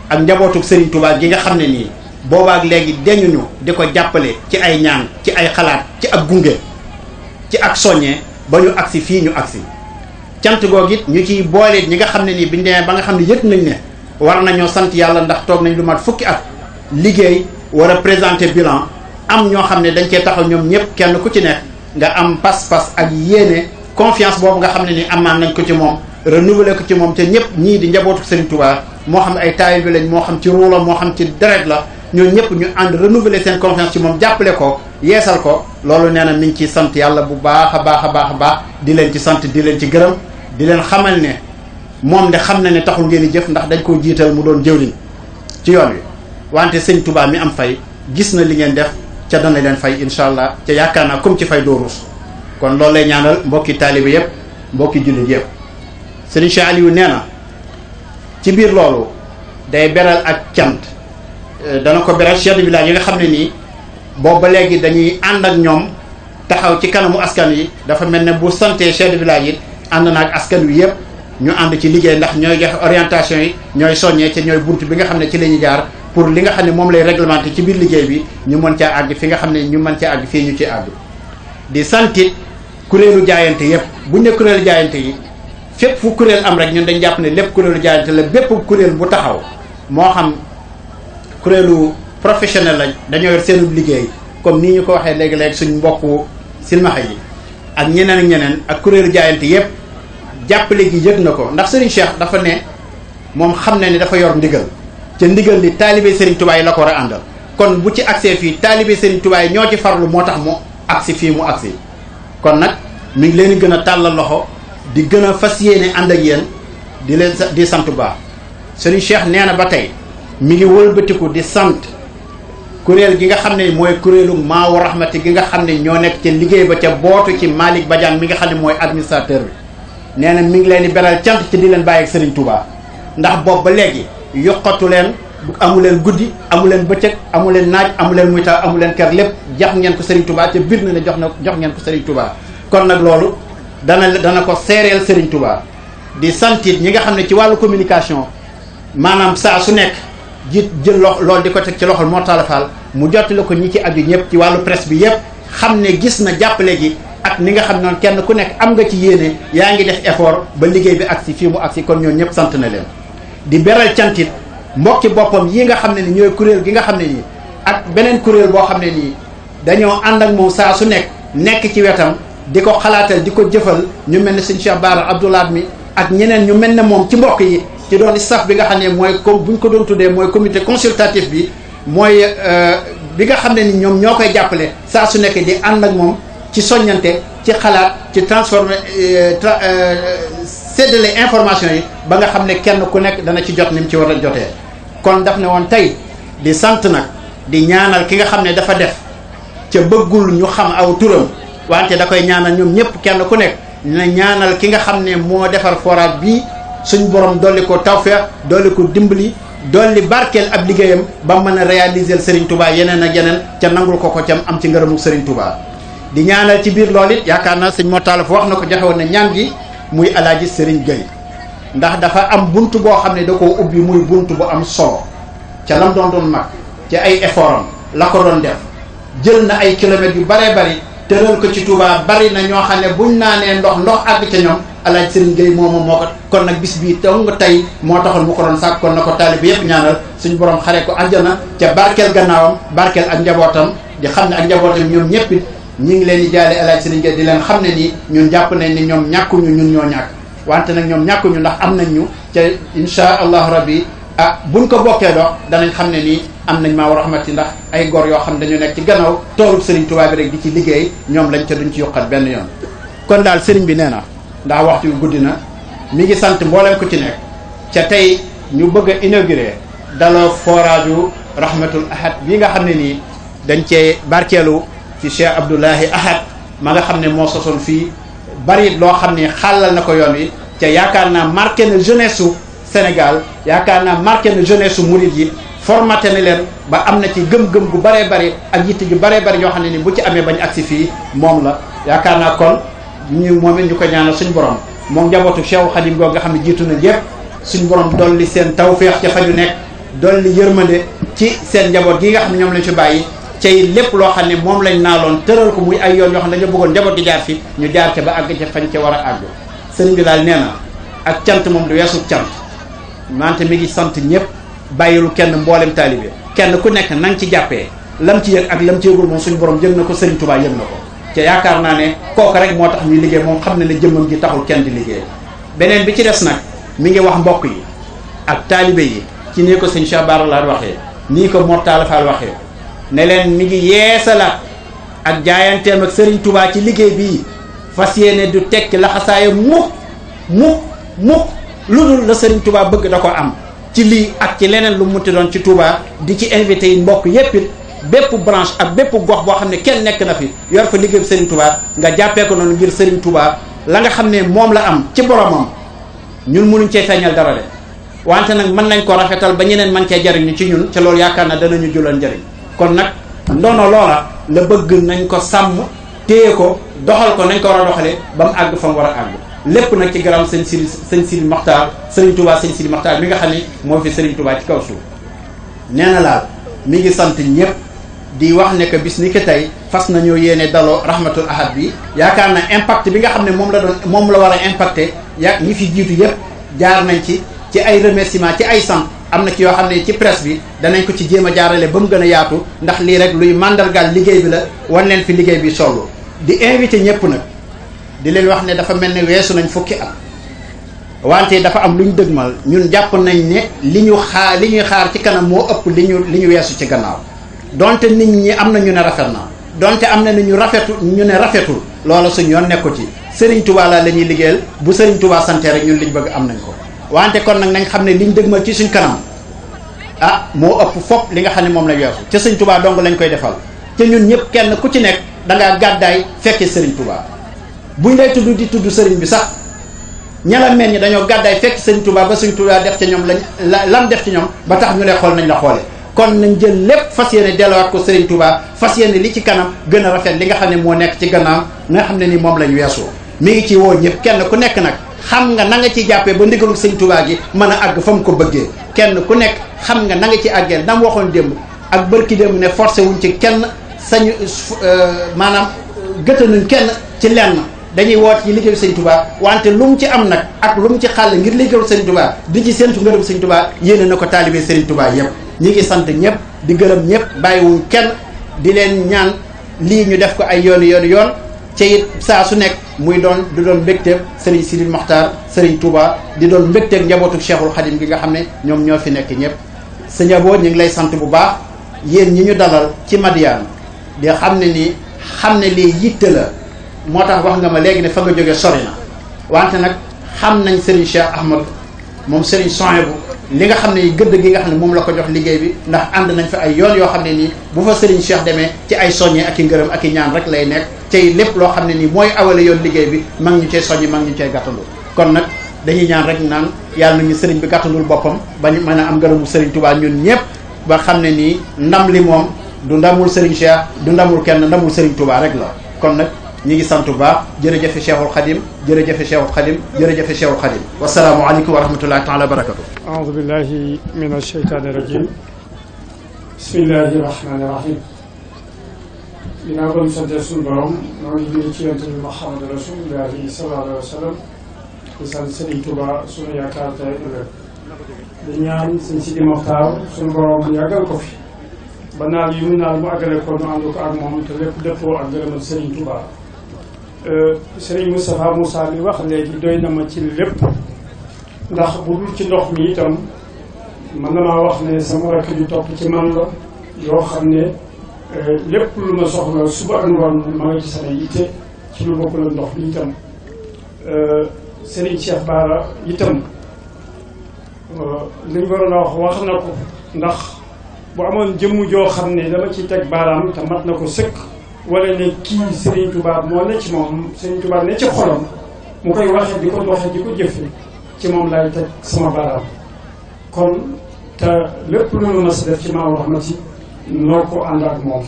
ak njabootuk Serigne Touba gi nga xam ne nii boobaak léegi deñuñu di ko jàppale ci ay ñaan ci ay xalaat ci ak gunge ci ak soññee ba ñu agsi fii ñu agsi cant googu it ñu ciy booleet ñi nga xam ne nii biñ demee ba nga xam ne yëg nañ ne war nañoo sant yàlla ndax toog nañ du mat fukki ak liggéey war a présenter bilan am ñoo xam ne dañ cee taxaw ñoom ñëpp kenn ku ci nekk nga am pas-pas ak yéene confiance boobu nga xam ne ni amaan nañ ko ci moom renouveler ko ci moom te ñëpp ñii di njabootu Serigne Touba moo xam ay taalibe lañ moo xam ci ruu la moo xam ci deret la ñoo ñëpp ñu ànd renouveler seen confiance ci moom jàppale ko yeesal ko loolu nee na mi ngi ciy sant yàlla bu baax a baax a baax a baax di leen ci sant di leen ci gërëm di leen xamal ne moom de xam na ne taxul ngeen di jëf ndax dañ koo jiital mu doon jëwriñ ci yoon wi wante sëñ tubaab mi am fay gis na li ngeen def ca dana leen fay incha allah ca yaakaar naa comme ci fay doo ruus kon loolu lay ñaanal mbokki taalibe yëpp mbokki jullit yëpp sëriñ Cheikh Aliou nee na ci biir loolu day beral ak cant euh, dana ko beral chef de yi nga xam ne nii boobu ba léegi dañuy ànd ak ñoom taxaw ci kanamu askan yi dafa mel ne bu santee chef de yi ànd na ak askan wi yëpp ñu ànd ci liggéey ndax ñooy joxe orientation yi ñooy soññee ci ñooy bunt bi nga xam ne ci la ñuy jaar pour li nga xam ne moom lay réglementé ci biir liggéey bi ñu mën caa àgg fi nga xam ne ñu mën caa àgg fii ñu ci àgg di santit kuréelu jaayante yëpp bu ne kuréelu jaayante yi fépp fu kuréel am rek ñun dañ jàpp ne lépp kuréelu jaayante la kuréel bu taxaw moo xam kuréelu professionnel lañ dañoo yor seenub liggéey kon nii ñu ko waxee léegi-léegi suñ mbokku silmaxa yi ak ñeneen ñeneen ak kuréelu jaayante yépp jàppale gi yëg na ko ndax Serigne Cheikh dafa ne moom xam na ni dafa yor ndigal ca ndigal li taalibe Serigne Touba yi la ko war a àndal kon bu ci agsee fii taalibee Serigne Touba ñoo ci farlu moo tax mu agsi fii mu agsi kon nag mu ngi leen gën a tàllal loxo di gën a fas yéene ànd ak yéen di leen di sant baax sëriñ Cheikh nee na ba tey mi ngi wëlbatiku di sant kuréel gi nga xam ne mooy kuréelu Maawu Rahmati gi nga xam ne ñoo nekk ca liggéey ba ca bootu ci Malick Badiane mi nga xam ne mooy administrateur bi nee na mi ngi leen di beral cant ci di leen bàyyi ak sëriñ Touba ndax boobu ba léegi yokkatu leen amu leen guddi amu leen bëccëg amu leen naaj amu leen muy taw amu leen ker lépp jox ngeen ko sëriñ Touba te biir na ne jox na jox ngeen ko sëriñ Touba kon nag loolu dana dana ko seereel Serigne Touba di santit ñi nga xam ne ci wàllu communication maanaam saa su nekk ji jël lox lool di ko teg ci loxol Mor Talla Fall mu jottali ko ñi ci yi ñëpp ci wàllu presse bi yëpp xam ne gis na jàppale gi ak ni nga xam noonu kenn ku nekk am nga ci yéene yaa ngi def effort ba liggéey bi agsi fii mu agsi kon ñoo ñëpp sant na leen di beral cantiit mbokki boppam yi nga xam ne ni ñooy kuréel gi nga xam ne nii ak beneen kuréel boo xam ne nii dañoo ànd ak moom saa su nekk nekk ci wetam di ko xalaatal di ko jëfal ñu mel ne sëñ Cheikh Bara Abdoulaat mi ak ñeneen ñu mel ne moom ci mbokk yi ci doon staff bi nga xam ne mooy comme bu ñu ko doon tuddee mooy comité consultatif bi mooy euh, bi nga xam ne ni ñoom ñoo koy jàppale saa su nekk di ànd ak moom ci soññante ci xalaat ci transformé euh, euh, séddale information yi ba nga xam ne kenn ku nekk dana ci jot ni mu ci war a jotee kon daf ne woon tey di sant nag di ñaanal ki nga xam ne dafa def ca bëggul ñu xam aw turam wante da koy ñaanal ñoom ñëpp kenn ku nekk dina ñaanal ki nga xam ne moo defar forage bi suñ borom dolli ko tawfeex dolli ko dimbali dolli barkeel ab liggéeyam ba mën a réaliser Serigne Touba yeneen ak yeneen ca nangul ko ko cam am ci ngërëmu Serigne Touba. di ñaanal ci biir loolit yaakaar naa sëñ Mor Talla Fa wax na ko joxe woon na ñaan gi muy alaaji Serigne Gueye ndax dafa am bunt boo xam ne da ko ubbi muy bunt bu am solo ca lam doon doon mag ci ay effort am la jël na ay kilomètres yu baree bari tëral ko ci Touba bari na ñoo xam ne buñ naanee ndox ndox àgg ca ñoom alaaj Serigne Gueye moomu moo ko kon nag bis bii taw nga tey moo taxoon mu ko doon sàkk kon na ko taalibe yépp ñaanal suñu borom xare ko àjjana ca barkeel gannaawam barkeel ak njabootam di xam ne ak njabootam ñoom ñëpp it ñu ngi leen di jaale alaaj Serigne Gueye di leen xam ne nii ñun jàpp nañ ni ñoom ñàkkuñu ñun ñoo ñàkk wante nag ñoom ñàkkuñu ndax am nañ ñu ca incha allahu rabbi ah buñ ko bokkee dox danañ xam ne nii am nañ maa war a xamati ndax ay gor yoo xam ne dañu nekk ci gannaaw toorub sëriñ Tuubaa bi rek di ci liggéey ñoom lañ ca dañ ci yokkat benn yoon kon daal sëriñ bi nee na ndax waxtu guddi na mi ngi sant mbooleem ko ci nekk ca tey ñu bëgg a inauguré daloo forage u rahmatul ahad bi nga xam ne nii dañ cee barkeelu ci Cheikh Abdoulahi Ahad ma nga xam ne moo sosoon fii bari loo xam ne xàllal na ko yoon wi ca yaakaar naa marqué na jeunesse su Sénégal yaakaar naa marqué na jeunesse su murid yi formaté na leen ba am na ci gëm-gëm gu baree bari ak yitte ju baree bari yoo xam ne ni bu ci amee bañ agsi fii moom la yaakaar naa kon ñu moom it ñu ko ñaanal suñ borom moom njabootu Cheikh Khadim googu nga xam ne jiitu na yëpp suñ borom dolli seen tawféex ca fa ñu nekk dolli yërmande ci seen njaboot gi nga xam ne ñoom lañ fi bàyyi cay lépp loo xam ne moom lañ naaloon tëral ko muy ay yoon yoo xam ne bëggoon njaboot gi jaar fi ñu jaar ca ba àgg ca fañ ca war a àgg sëñ bi daal nee na ak cant moom du weesu cant maante mi ngi sant ñëpp bàyyilu kenn mboolem taalibe kenn ku nekk na nga ci jàppee lam ci yëg ak lam ci yëgul moom suñu borom yëg na ko Sëriñ Tuubaa yëg na ko te yaakaar naa ne kooku rek moo tax ñuy liggéey moom xam ne ne jëmmam ji taxul kenn di liggéey beneen bi ci des nag mi ngi wax mbokk yi ak taalibe yi ci nii ko sëñ Cheikh Bara Lahad nii ko Mor Talla Fall waxee ne leen mi ngi yeesalaat ak jaayanteem ak Sëriñ tubaa ci liggéey bii fas yéene du tekki laxasaaya mukk mukk mukk lu dul la Sëriñ bëgg da ko am ci lii ak ci leneen lu munti doon ci Touba di ci invité yi mbokk yépp it bépp branche ak bépp gox boo xam ne kenn nekk na fi yor fa liggéeyam Serigne Touba nga jàppee noonu ngir seeni Touba la nga xam ne moom la am ci boromam ñun mënuñ cee feeñal dara de wante nag mën nañ ko rafetal ba ñeneen mën cee jariñu ci ñun ca loolu yaakaar na danañu julan jariñ kon nag ndono loola la bëgg nañ ko sàmm téye ko doxal ko nañ ko war a doxalee ba mu àgg war a àgg. lépp nag ci garam sëñ Sidi sëñ Sidi Maxtaar sëriñ Touba sëñ Sidi Maxtaar mi nga xam ne moo fi sëriñ Touba ci kaw suuf nee na laal mi ngi sant ñëpp di wax ne que bis ni ko tey fas nañoo yéene daloo rahmatul ahad bi yaakaar na impact bi nga xam ne moom la doon moom la war a impacté yaa ñi fi jiitu yëpp jaar nañ ci ci ay remerciement ci ay sant am na ci yoo xam ne ci presse bi danañ ko ci jéem a jaarale ba mu gën a yaatu ndax lii rek luy mandargaal liggéey bi la wan leen fi liggéey bi solo di invité ñëpp nag. di leen wax ne dafa mel ni weesu nañ fukki at wante yi dafa am lu ñu dëgmal ñun jàpp nañ ne li ñu xaar li ñuy xaar ci kanam moo ëpp li ñu li ñu weesu ci gannaaw donte nit ñi am na ñu ne rafet na donte am na ñu rafetu ñu ne rafetul loola suñ yoon nekku ci Serigne Touba la ñuy liggéeyal bu Serigne Touba sante rek ñun liñ bëgg am nañ ko wante kon nag nañ xam ne liñ dëgmal ci suñ kanam ah moo ëpp fopp li nga xam ne moom la weesu ca Serigne Touba dong lañ koy defal te ñun ñëpp kenn ku ci nekk da gàddaay fekki Serigne Touba. bu ñu lay tudd di tudd sëriñ bi sax ña la mel ni dañoo gàddaay fekk sëriñ tubaa ba sëriñ Touba def ci ñoom lañ la lan def ci ñoom ba tax ñu ne xool nañ la xoole kon nañ jël lépp fas yéene delluwaat ko sëriñ tubaa fas yéene li ci kanam gën a rafet li nga xam ne moo nekk ci gannaaw nga xam ne ni moom lañ weesoo mi ngi ci woo ñëpp kenn ku nekk nag xam nga nanga nga ci jàppee ba ndigalul sëriñ Touba mën a àgg fa ko bëggee kenn ku nekk xam nga na nga ci àggee dam waxoon démb ak bër bërki démb ne forcé wuñ ci kenn sañu euh, maanaam gëta nuñ kenn ci lenn dañuy woote yi liggéeyu sëñ tubaa wante lu mu ci am nag ak lu mu ci xàll ngir liggéeyu sëñ tubaa di ci séntu ngërëm sëñ tubaa yéene na ko taalibee sëriñ tubaa yëpp ñi ngi sant ñëpp di gërëm ñëpp bàyyiwuñ kenn di leen ñaan lii ñu def ko ay yoon yoon yoon ca it saa su nekk muy doon di doon mbégteeg sëriñ Sidi Mokhtar sëriñ tubaa di doon mbégteeg njabootu Cheikhul Khadim gi nga xam ne ñoom ñoo fi nekk ñëpp sa njaboot ñu ngi lay sant bu baax yéen ñi ñu dalal ci Madiyana di xam ne ni xam ne lii yitte la moo tax wax nga ma léegi ne fa nga jógee sori na wante nag xam nañ Serigne Cheikh Ahmad moom Serigne Souhaïbou li nga xam ne gëdd gi nga xam ne moom la ko jox liggéey bi ndax ànd nañ fa ay yoon yoo xam ne nii bu fa Serigne Cheikh demee ci ay soññee ak i ak i ñaan rek lay nekk cay lépp loo xam ne nii awale yoon liggéey bi mag ñu cay soññi mag ñu cay gàttandu kon nag dañuy ñaan rek naan yàlla nañu Serigne bi gàttandul boppam ba mën a am ngërëmu Serigne Touba ñun ñëpp ba xam ne nii ndam li moom du ndamul Serigne Cheikh du ndamul kenn ndamul Serigne Touba rek la kon nag ñi ngi sant bu baax jërëjëfe Cheikhul Khadim jërëjëfe Cheikhul Khadim jërëjëfe Cheikhul Khadim wasalaamu aleykum wa rahmatullahi taala wa barakatu aoudu billahi min asheytaani rajim bismillahi rahmani rahim dinaa ko sante suñu borom noo ngi julli ci yonent bi Muhammad rasulillahi sallallahu alayhi wa sallam di sant Sëriñ Tuba suñu yaakaar tey ëllëg di ñaan suñ si di Moxtaar suñu borom yàggal ko fi ba naal yu mu naal mu àggale ko nu ànd ko ak moom te lépp dëppoo ak ngërëmal Sëriñ Tuba Euh, sëriñ Moustapha Moussa li wax léegi doy na ma ci lépp ndax bu dul ci ndox mi itam mën na maa wax ne sama rakk bi topp ci man la yoo xam ne euh, lépp lu ma soxla suba ak ngoon ma nga ci sama yitte ci lu bokk la ndox mi itam euh, sëriñ Cheikh Bara itam li ñu waroon a wax wax na ko ndax bu amoon jëmm joo xam ne dama ci teg baaraam te mat na ko sëkk wala ne kii Serigne Touba moo ne ci moom Serigne Touba ne ci xolom mu koy waxe di ko doxe di ko jëfe ci moom laay teg sama baraam kon te lépp lu nu si def ci Maou Rahmati noo ko ànd ak moom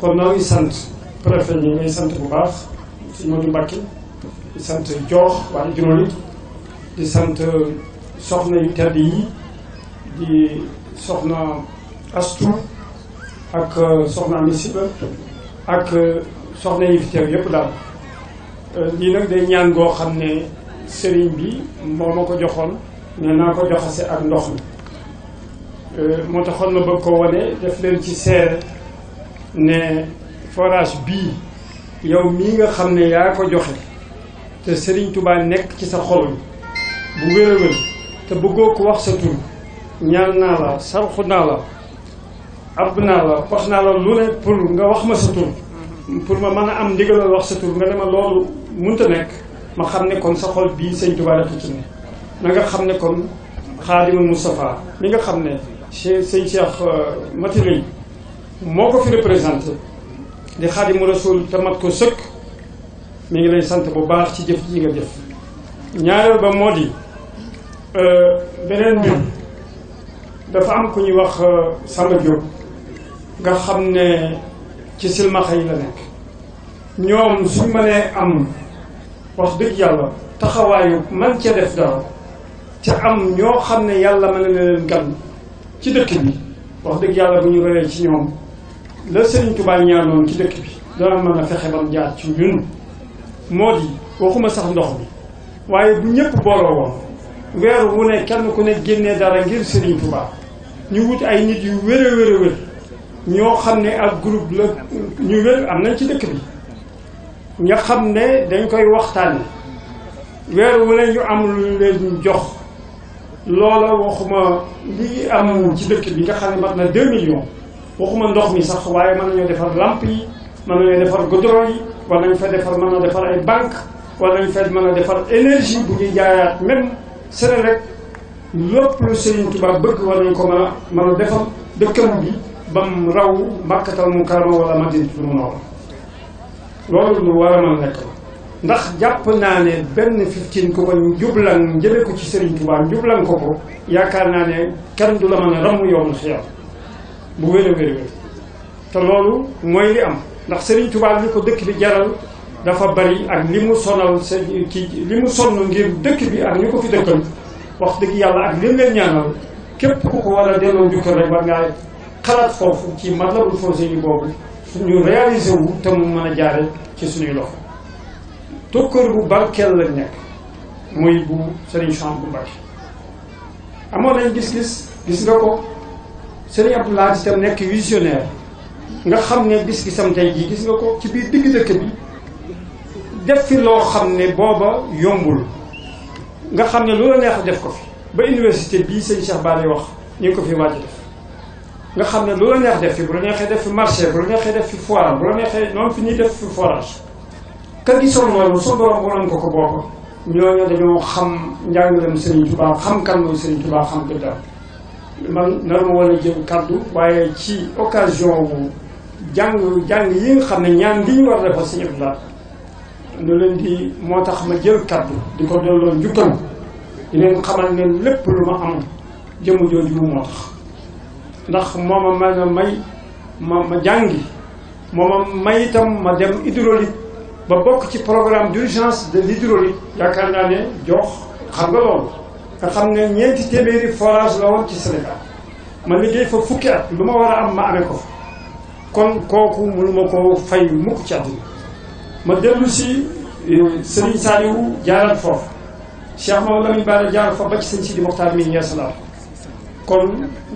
kon noo sant préfet ñi ngay sant bu baax si Modou Mbacke di sant joox waaye juróoli di sant soxna yu tedd yi di soxna astu ak euh, soxna ami siba ak euh, soxna yi fi daal euh, lii nag day ñaan goo xam ne sëriñ bi moo ma ko joxoon ne naa ko joxase ak ndox mi euh, moo tax taxoon na bëgg ko wane def leen ci seere ne forage bi yow mii nga xam ne yaa ko joxe te sëriñ Touba nekk ci sa xol bi bu wér a te bëggoo ko wax sa tur ñaan naa la sarxu naa la ab naa la wax naa la lu ne pour nga wax ma sa tur pour ma mën a am ndigalal wax sa tur nga ne ma loolu ta nekk ma xam ne kon sa xol bii sëñ Tuubaa la ci ne na nga xam ne kon xaadimul Moustapha mi nga xam ne che sëñ Cheikh euh, Matilay moo ko fi représenté di xaadimu rasul te mat ko sëkk mi ngi lay sant bu baax ci jëf ji nga jëf ñaareel ba moo di euh, beneen bi dafa am ku ñuy wax euh, Samba Diop nga xam ne ci silmaxa yi la nekk ñoom suñ mënee am wax dëgg yàlla taxawaayu man ca def dara te am ñoo xam ne yàlla mën na leen gan ci dëkk bi wax dëgg yàlla bu ñu royee ci ñoom la Sëriñ Tuubaa ñaanoon ci dëkk bi dana mën a fexe jaar ci ñun moo di waxuma sax ndox mi waaye bu ñëpp booloo woon weer wu ne kenn ku ne génnee dara ngir Sëriñ Tuubaa ñu wut ay nit yu wér ñoo xam ne ak groupe la ñu wér am nañ ci dëkk bi nga xam ne dañ koy waxtaan weer wu ne ñu am lu leen jox loola waxuma li am ci dëkk bi nga xam ne mat na 2 millions waxuma ndox mi sax waaye mën nañoo defar lamp yi mën nañoo defar goudron yi wala ñu fa defar mën a defar ay banque wala ñu fa mën a defar énergie bu ñuy jaayaat même Senelec lépp lu Serigne Touba bëgg war nañ ko mën a mën a defar dëkkam bi ba mu raw Makkatal Mukarrama wala Madinatul Munawwara loolu lu war a mën nekk la ndax jàpp naa ne benn fifteen ku ko njublan njële ko ci Serigne Touba njublan ko ko yaakaar naa ne kenn du la mën a ramm yow na bu wér wér wér te loolu mooy li am ndax Serigne Touba li ko dëkk bi jaral dafa bari ak li mu sonal sa ci li mu sonn ngir dëkk bi ak ñu ko fi dëkkal wax dëgg yàlla ak lim leen ñaanal képp ku ko war a delloo njukkal rek war ngaa xalaat foofu ci matlabul fawse yi boobu ñu réaliser wu te mu mën a jaare ci suñuy loxo tokkër bu barkeel lañ nekk muy bu Serigne Chouaïbou Mbacké amoon nañ gis-gis gis nga ko Serigne Abdou Lahad itam nekk visionnaire nga xam ne gis-gisam tey jii gis nga ko ci biir digg dëkk bi def fi loo xam ne booba yombul nga xam ne lu la neex def ko fi ba université bii sëñ Cheikh Bara wax ñu ngi ko fi wàcc def nga xam ne lu la neex def fi bu la neexee def fi marché bu la neexee def fi foire bu la neexee noonu fi ñuy def fi forage ka gisoon loolu su borom waroon ko ko bokk ñooñu dañoo xam njàngalem Serigne Touba xam kan mooy Serigne xam ko dara man nar ma war a jël kaddu waaye ci occasion wu jàng jàng yi nga xam ne ñaan li ñu war a defal Serigne Abdoulaye nu leen di moo tax ma jël kaddu di ko delloo njukkal di leen xamal ne lépp lu ma am jëmu jooju ndax mooma ma may ma ma jàngi ma may itam ma dem hydraulique ba bokk ci programme d'urgence de l'hydraulique yaakaar naa ne jox xam nga loolu nga xam ne ñeenti téeméeri forage la woon ci Sénégal ma liggéey fa fukki at lu ma war a am ma amee ko fa kon kooku mënu ko fay mukk ci àddina ma dellu si euh, Serigne Saliou jaaral foofu Cheikh Mamadou Lamine Bara jaar fa ba ci sëñ Sidi Mokhtar mi ñeesalaat kon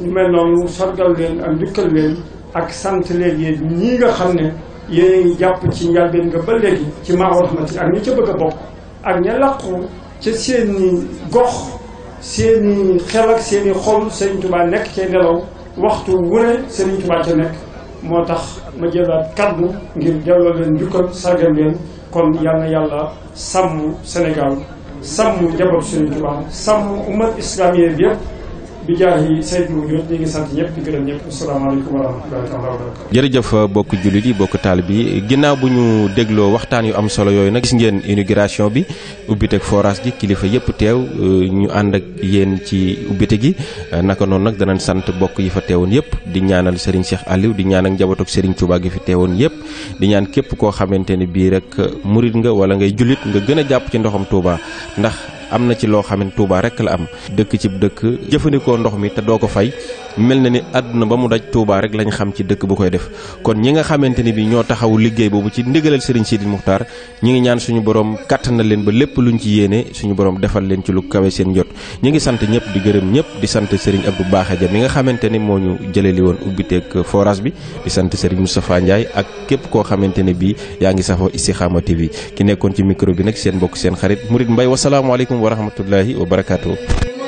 ñu mel noonu sargal leen ak njukkal leen ak sant leen yéen ñii nga xam ne yéen a jàpp ci njàlbeen nga ba léegi ci Maou ak ñi ca bëgg a ak ña làqu ca seeni gox seeni xel ak seeni xol Serigne Touba nekk ca nelaw waxtu wu ne Serigne ca nekk moo tax ma jëlaat kaddu ngir delloo leen njukkal sargal leen kon yal na yàlla sàmm Sénégal sàmm njaboot Serigne Touba sàmm ummat islamiyya bi yëpp bi jaahi saytul wujud ñu ngi sant ñëpp di gërëm ñëpp asalaamaaleykum wa rahmatullahi taala euh, bokk jullit yi bokk taal bi ginnaaw bu ñu dégloo waxtaan yu am solo yooyu nag gis ngeen inauguration bi ubbiteg forage gi kilifa yëpp teew euh, ñu ànd ak yéen ci ubbite gi euh, naka noonu nag danañ sant bokk yi fa teewoon yëpp di ñaanal Serigne Cheikh Aliou di ñaan ak njabootuk Serigne Touba gi fi teewoon yëpp di ñaan képp koo xamante ne bii rek murit nga wala ngay jullit nga gën a jàpp ci ndoxam Touba ndax am na ci loo xam ne Touba rek la am dëkk cib dëkk jëfandikoo ndox mi te doo ko fay mel na ni àdduna ba mu daj Touba rek lañ xam ci dëkk bu koy def kon ñi nga xamante ni bi ñoo taxaw liggéey boobu ci ndigalal Serigne Sidi Muxtaar ñi ngi ñaan suñu borom kàttan na leen ba lépp luñ ci yéene suñu borom defal leen ci lu kawe seen njot ñi ngi sant ñëpp di gërëm ñëpp di sant Serigne Abdou Baaxe ja mi nga xamante ni moo ñu jëlee li woon ubbiteeg forage bi di sant Serigne Moustapha Ndiaye ak képp koo xamante ne bii yaa ngi safoo Istikhama TV ki nekkoon ci micro bi nag seen mbokk seen xarit Murid Mbay wasalaamaaleykum aleykum wa rahmatullahi wa barakaatu.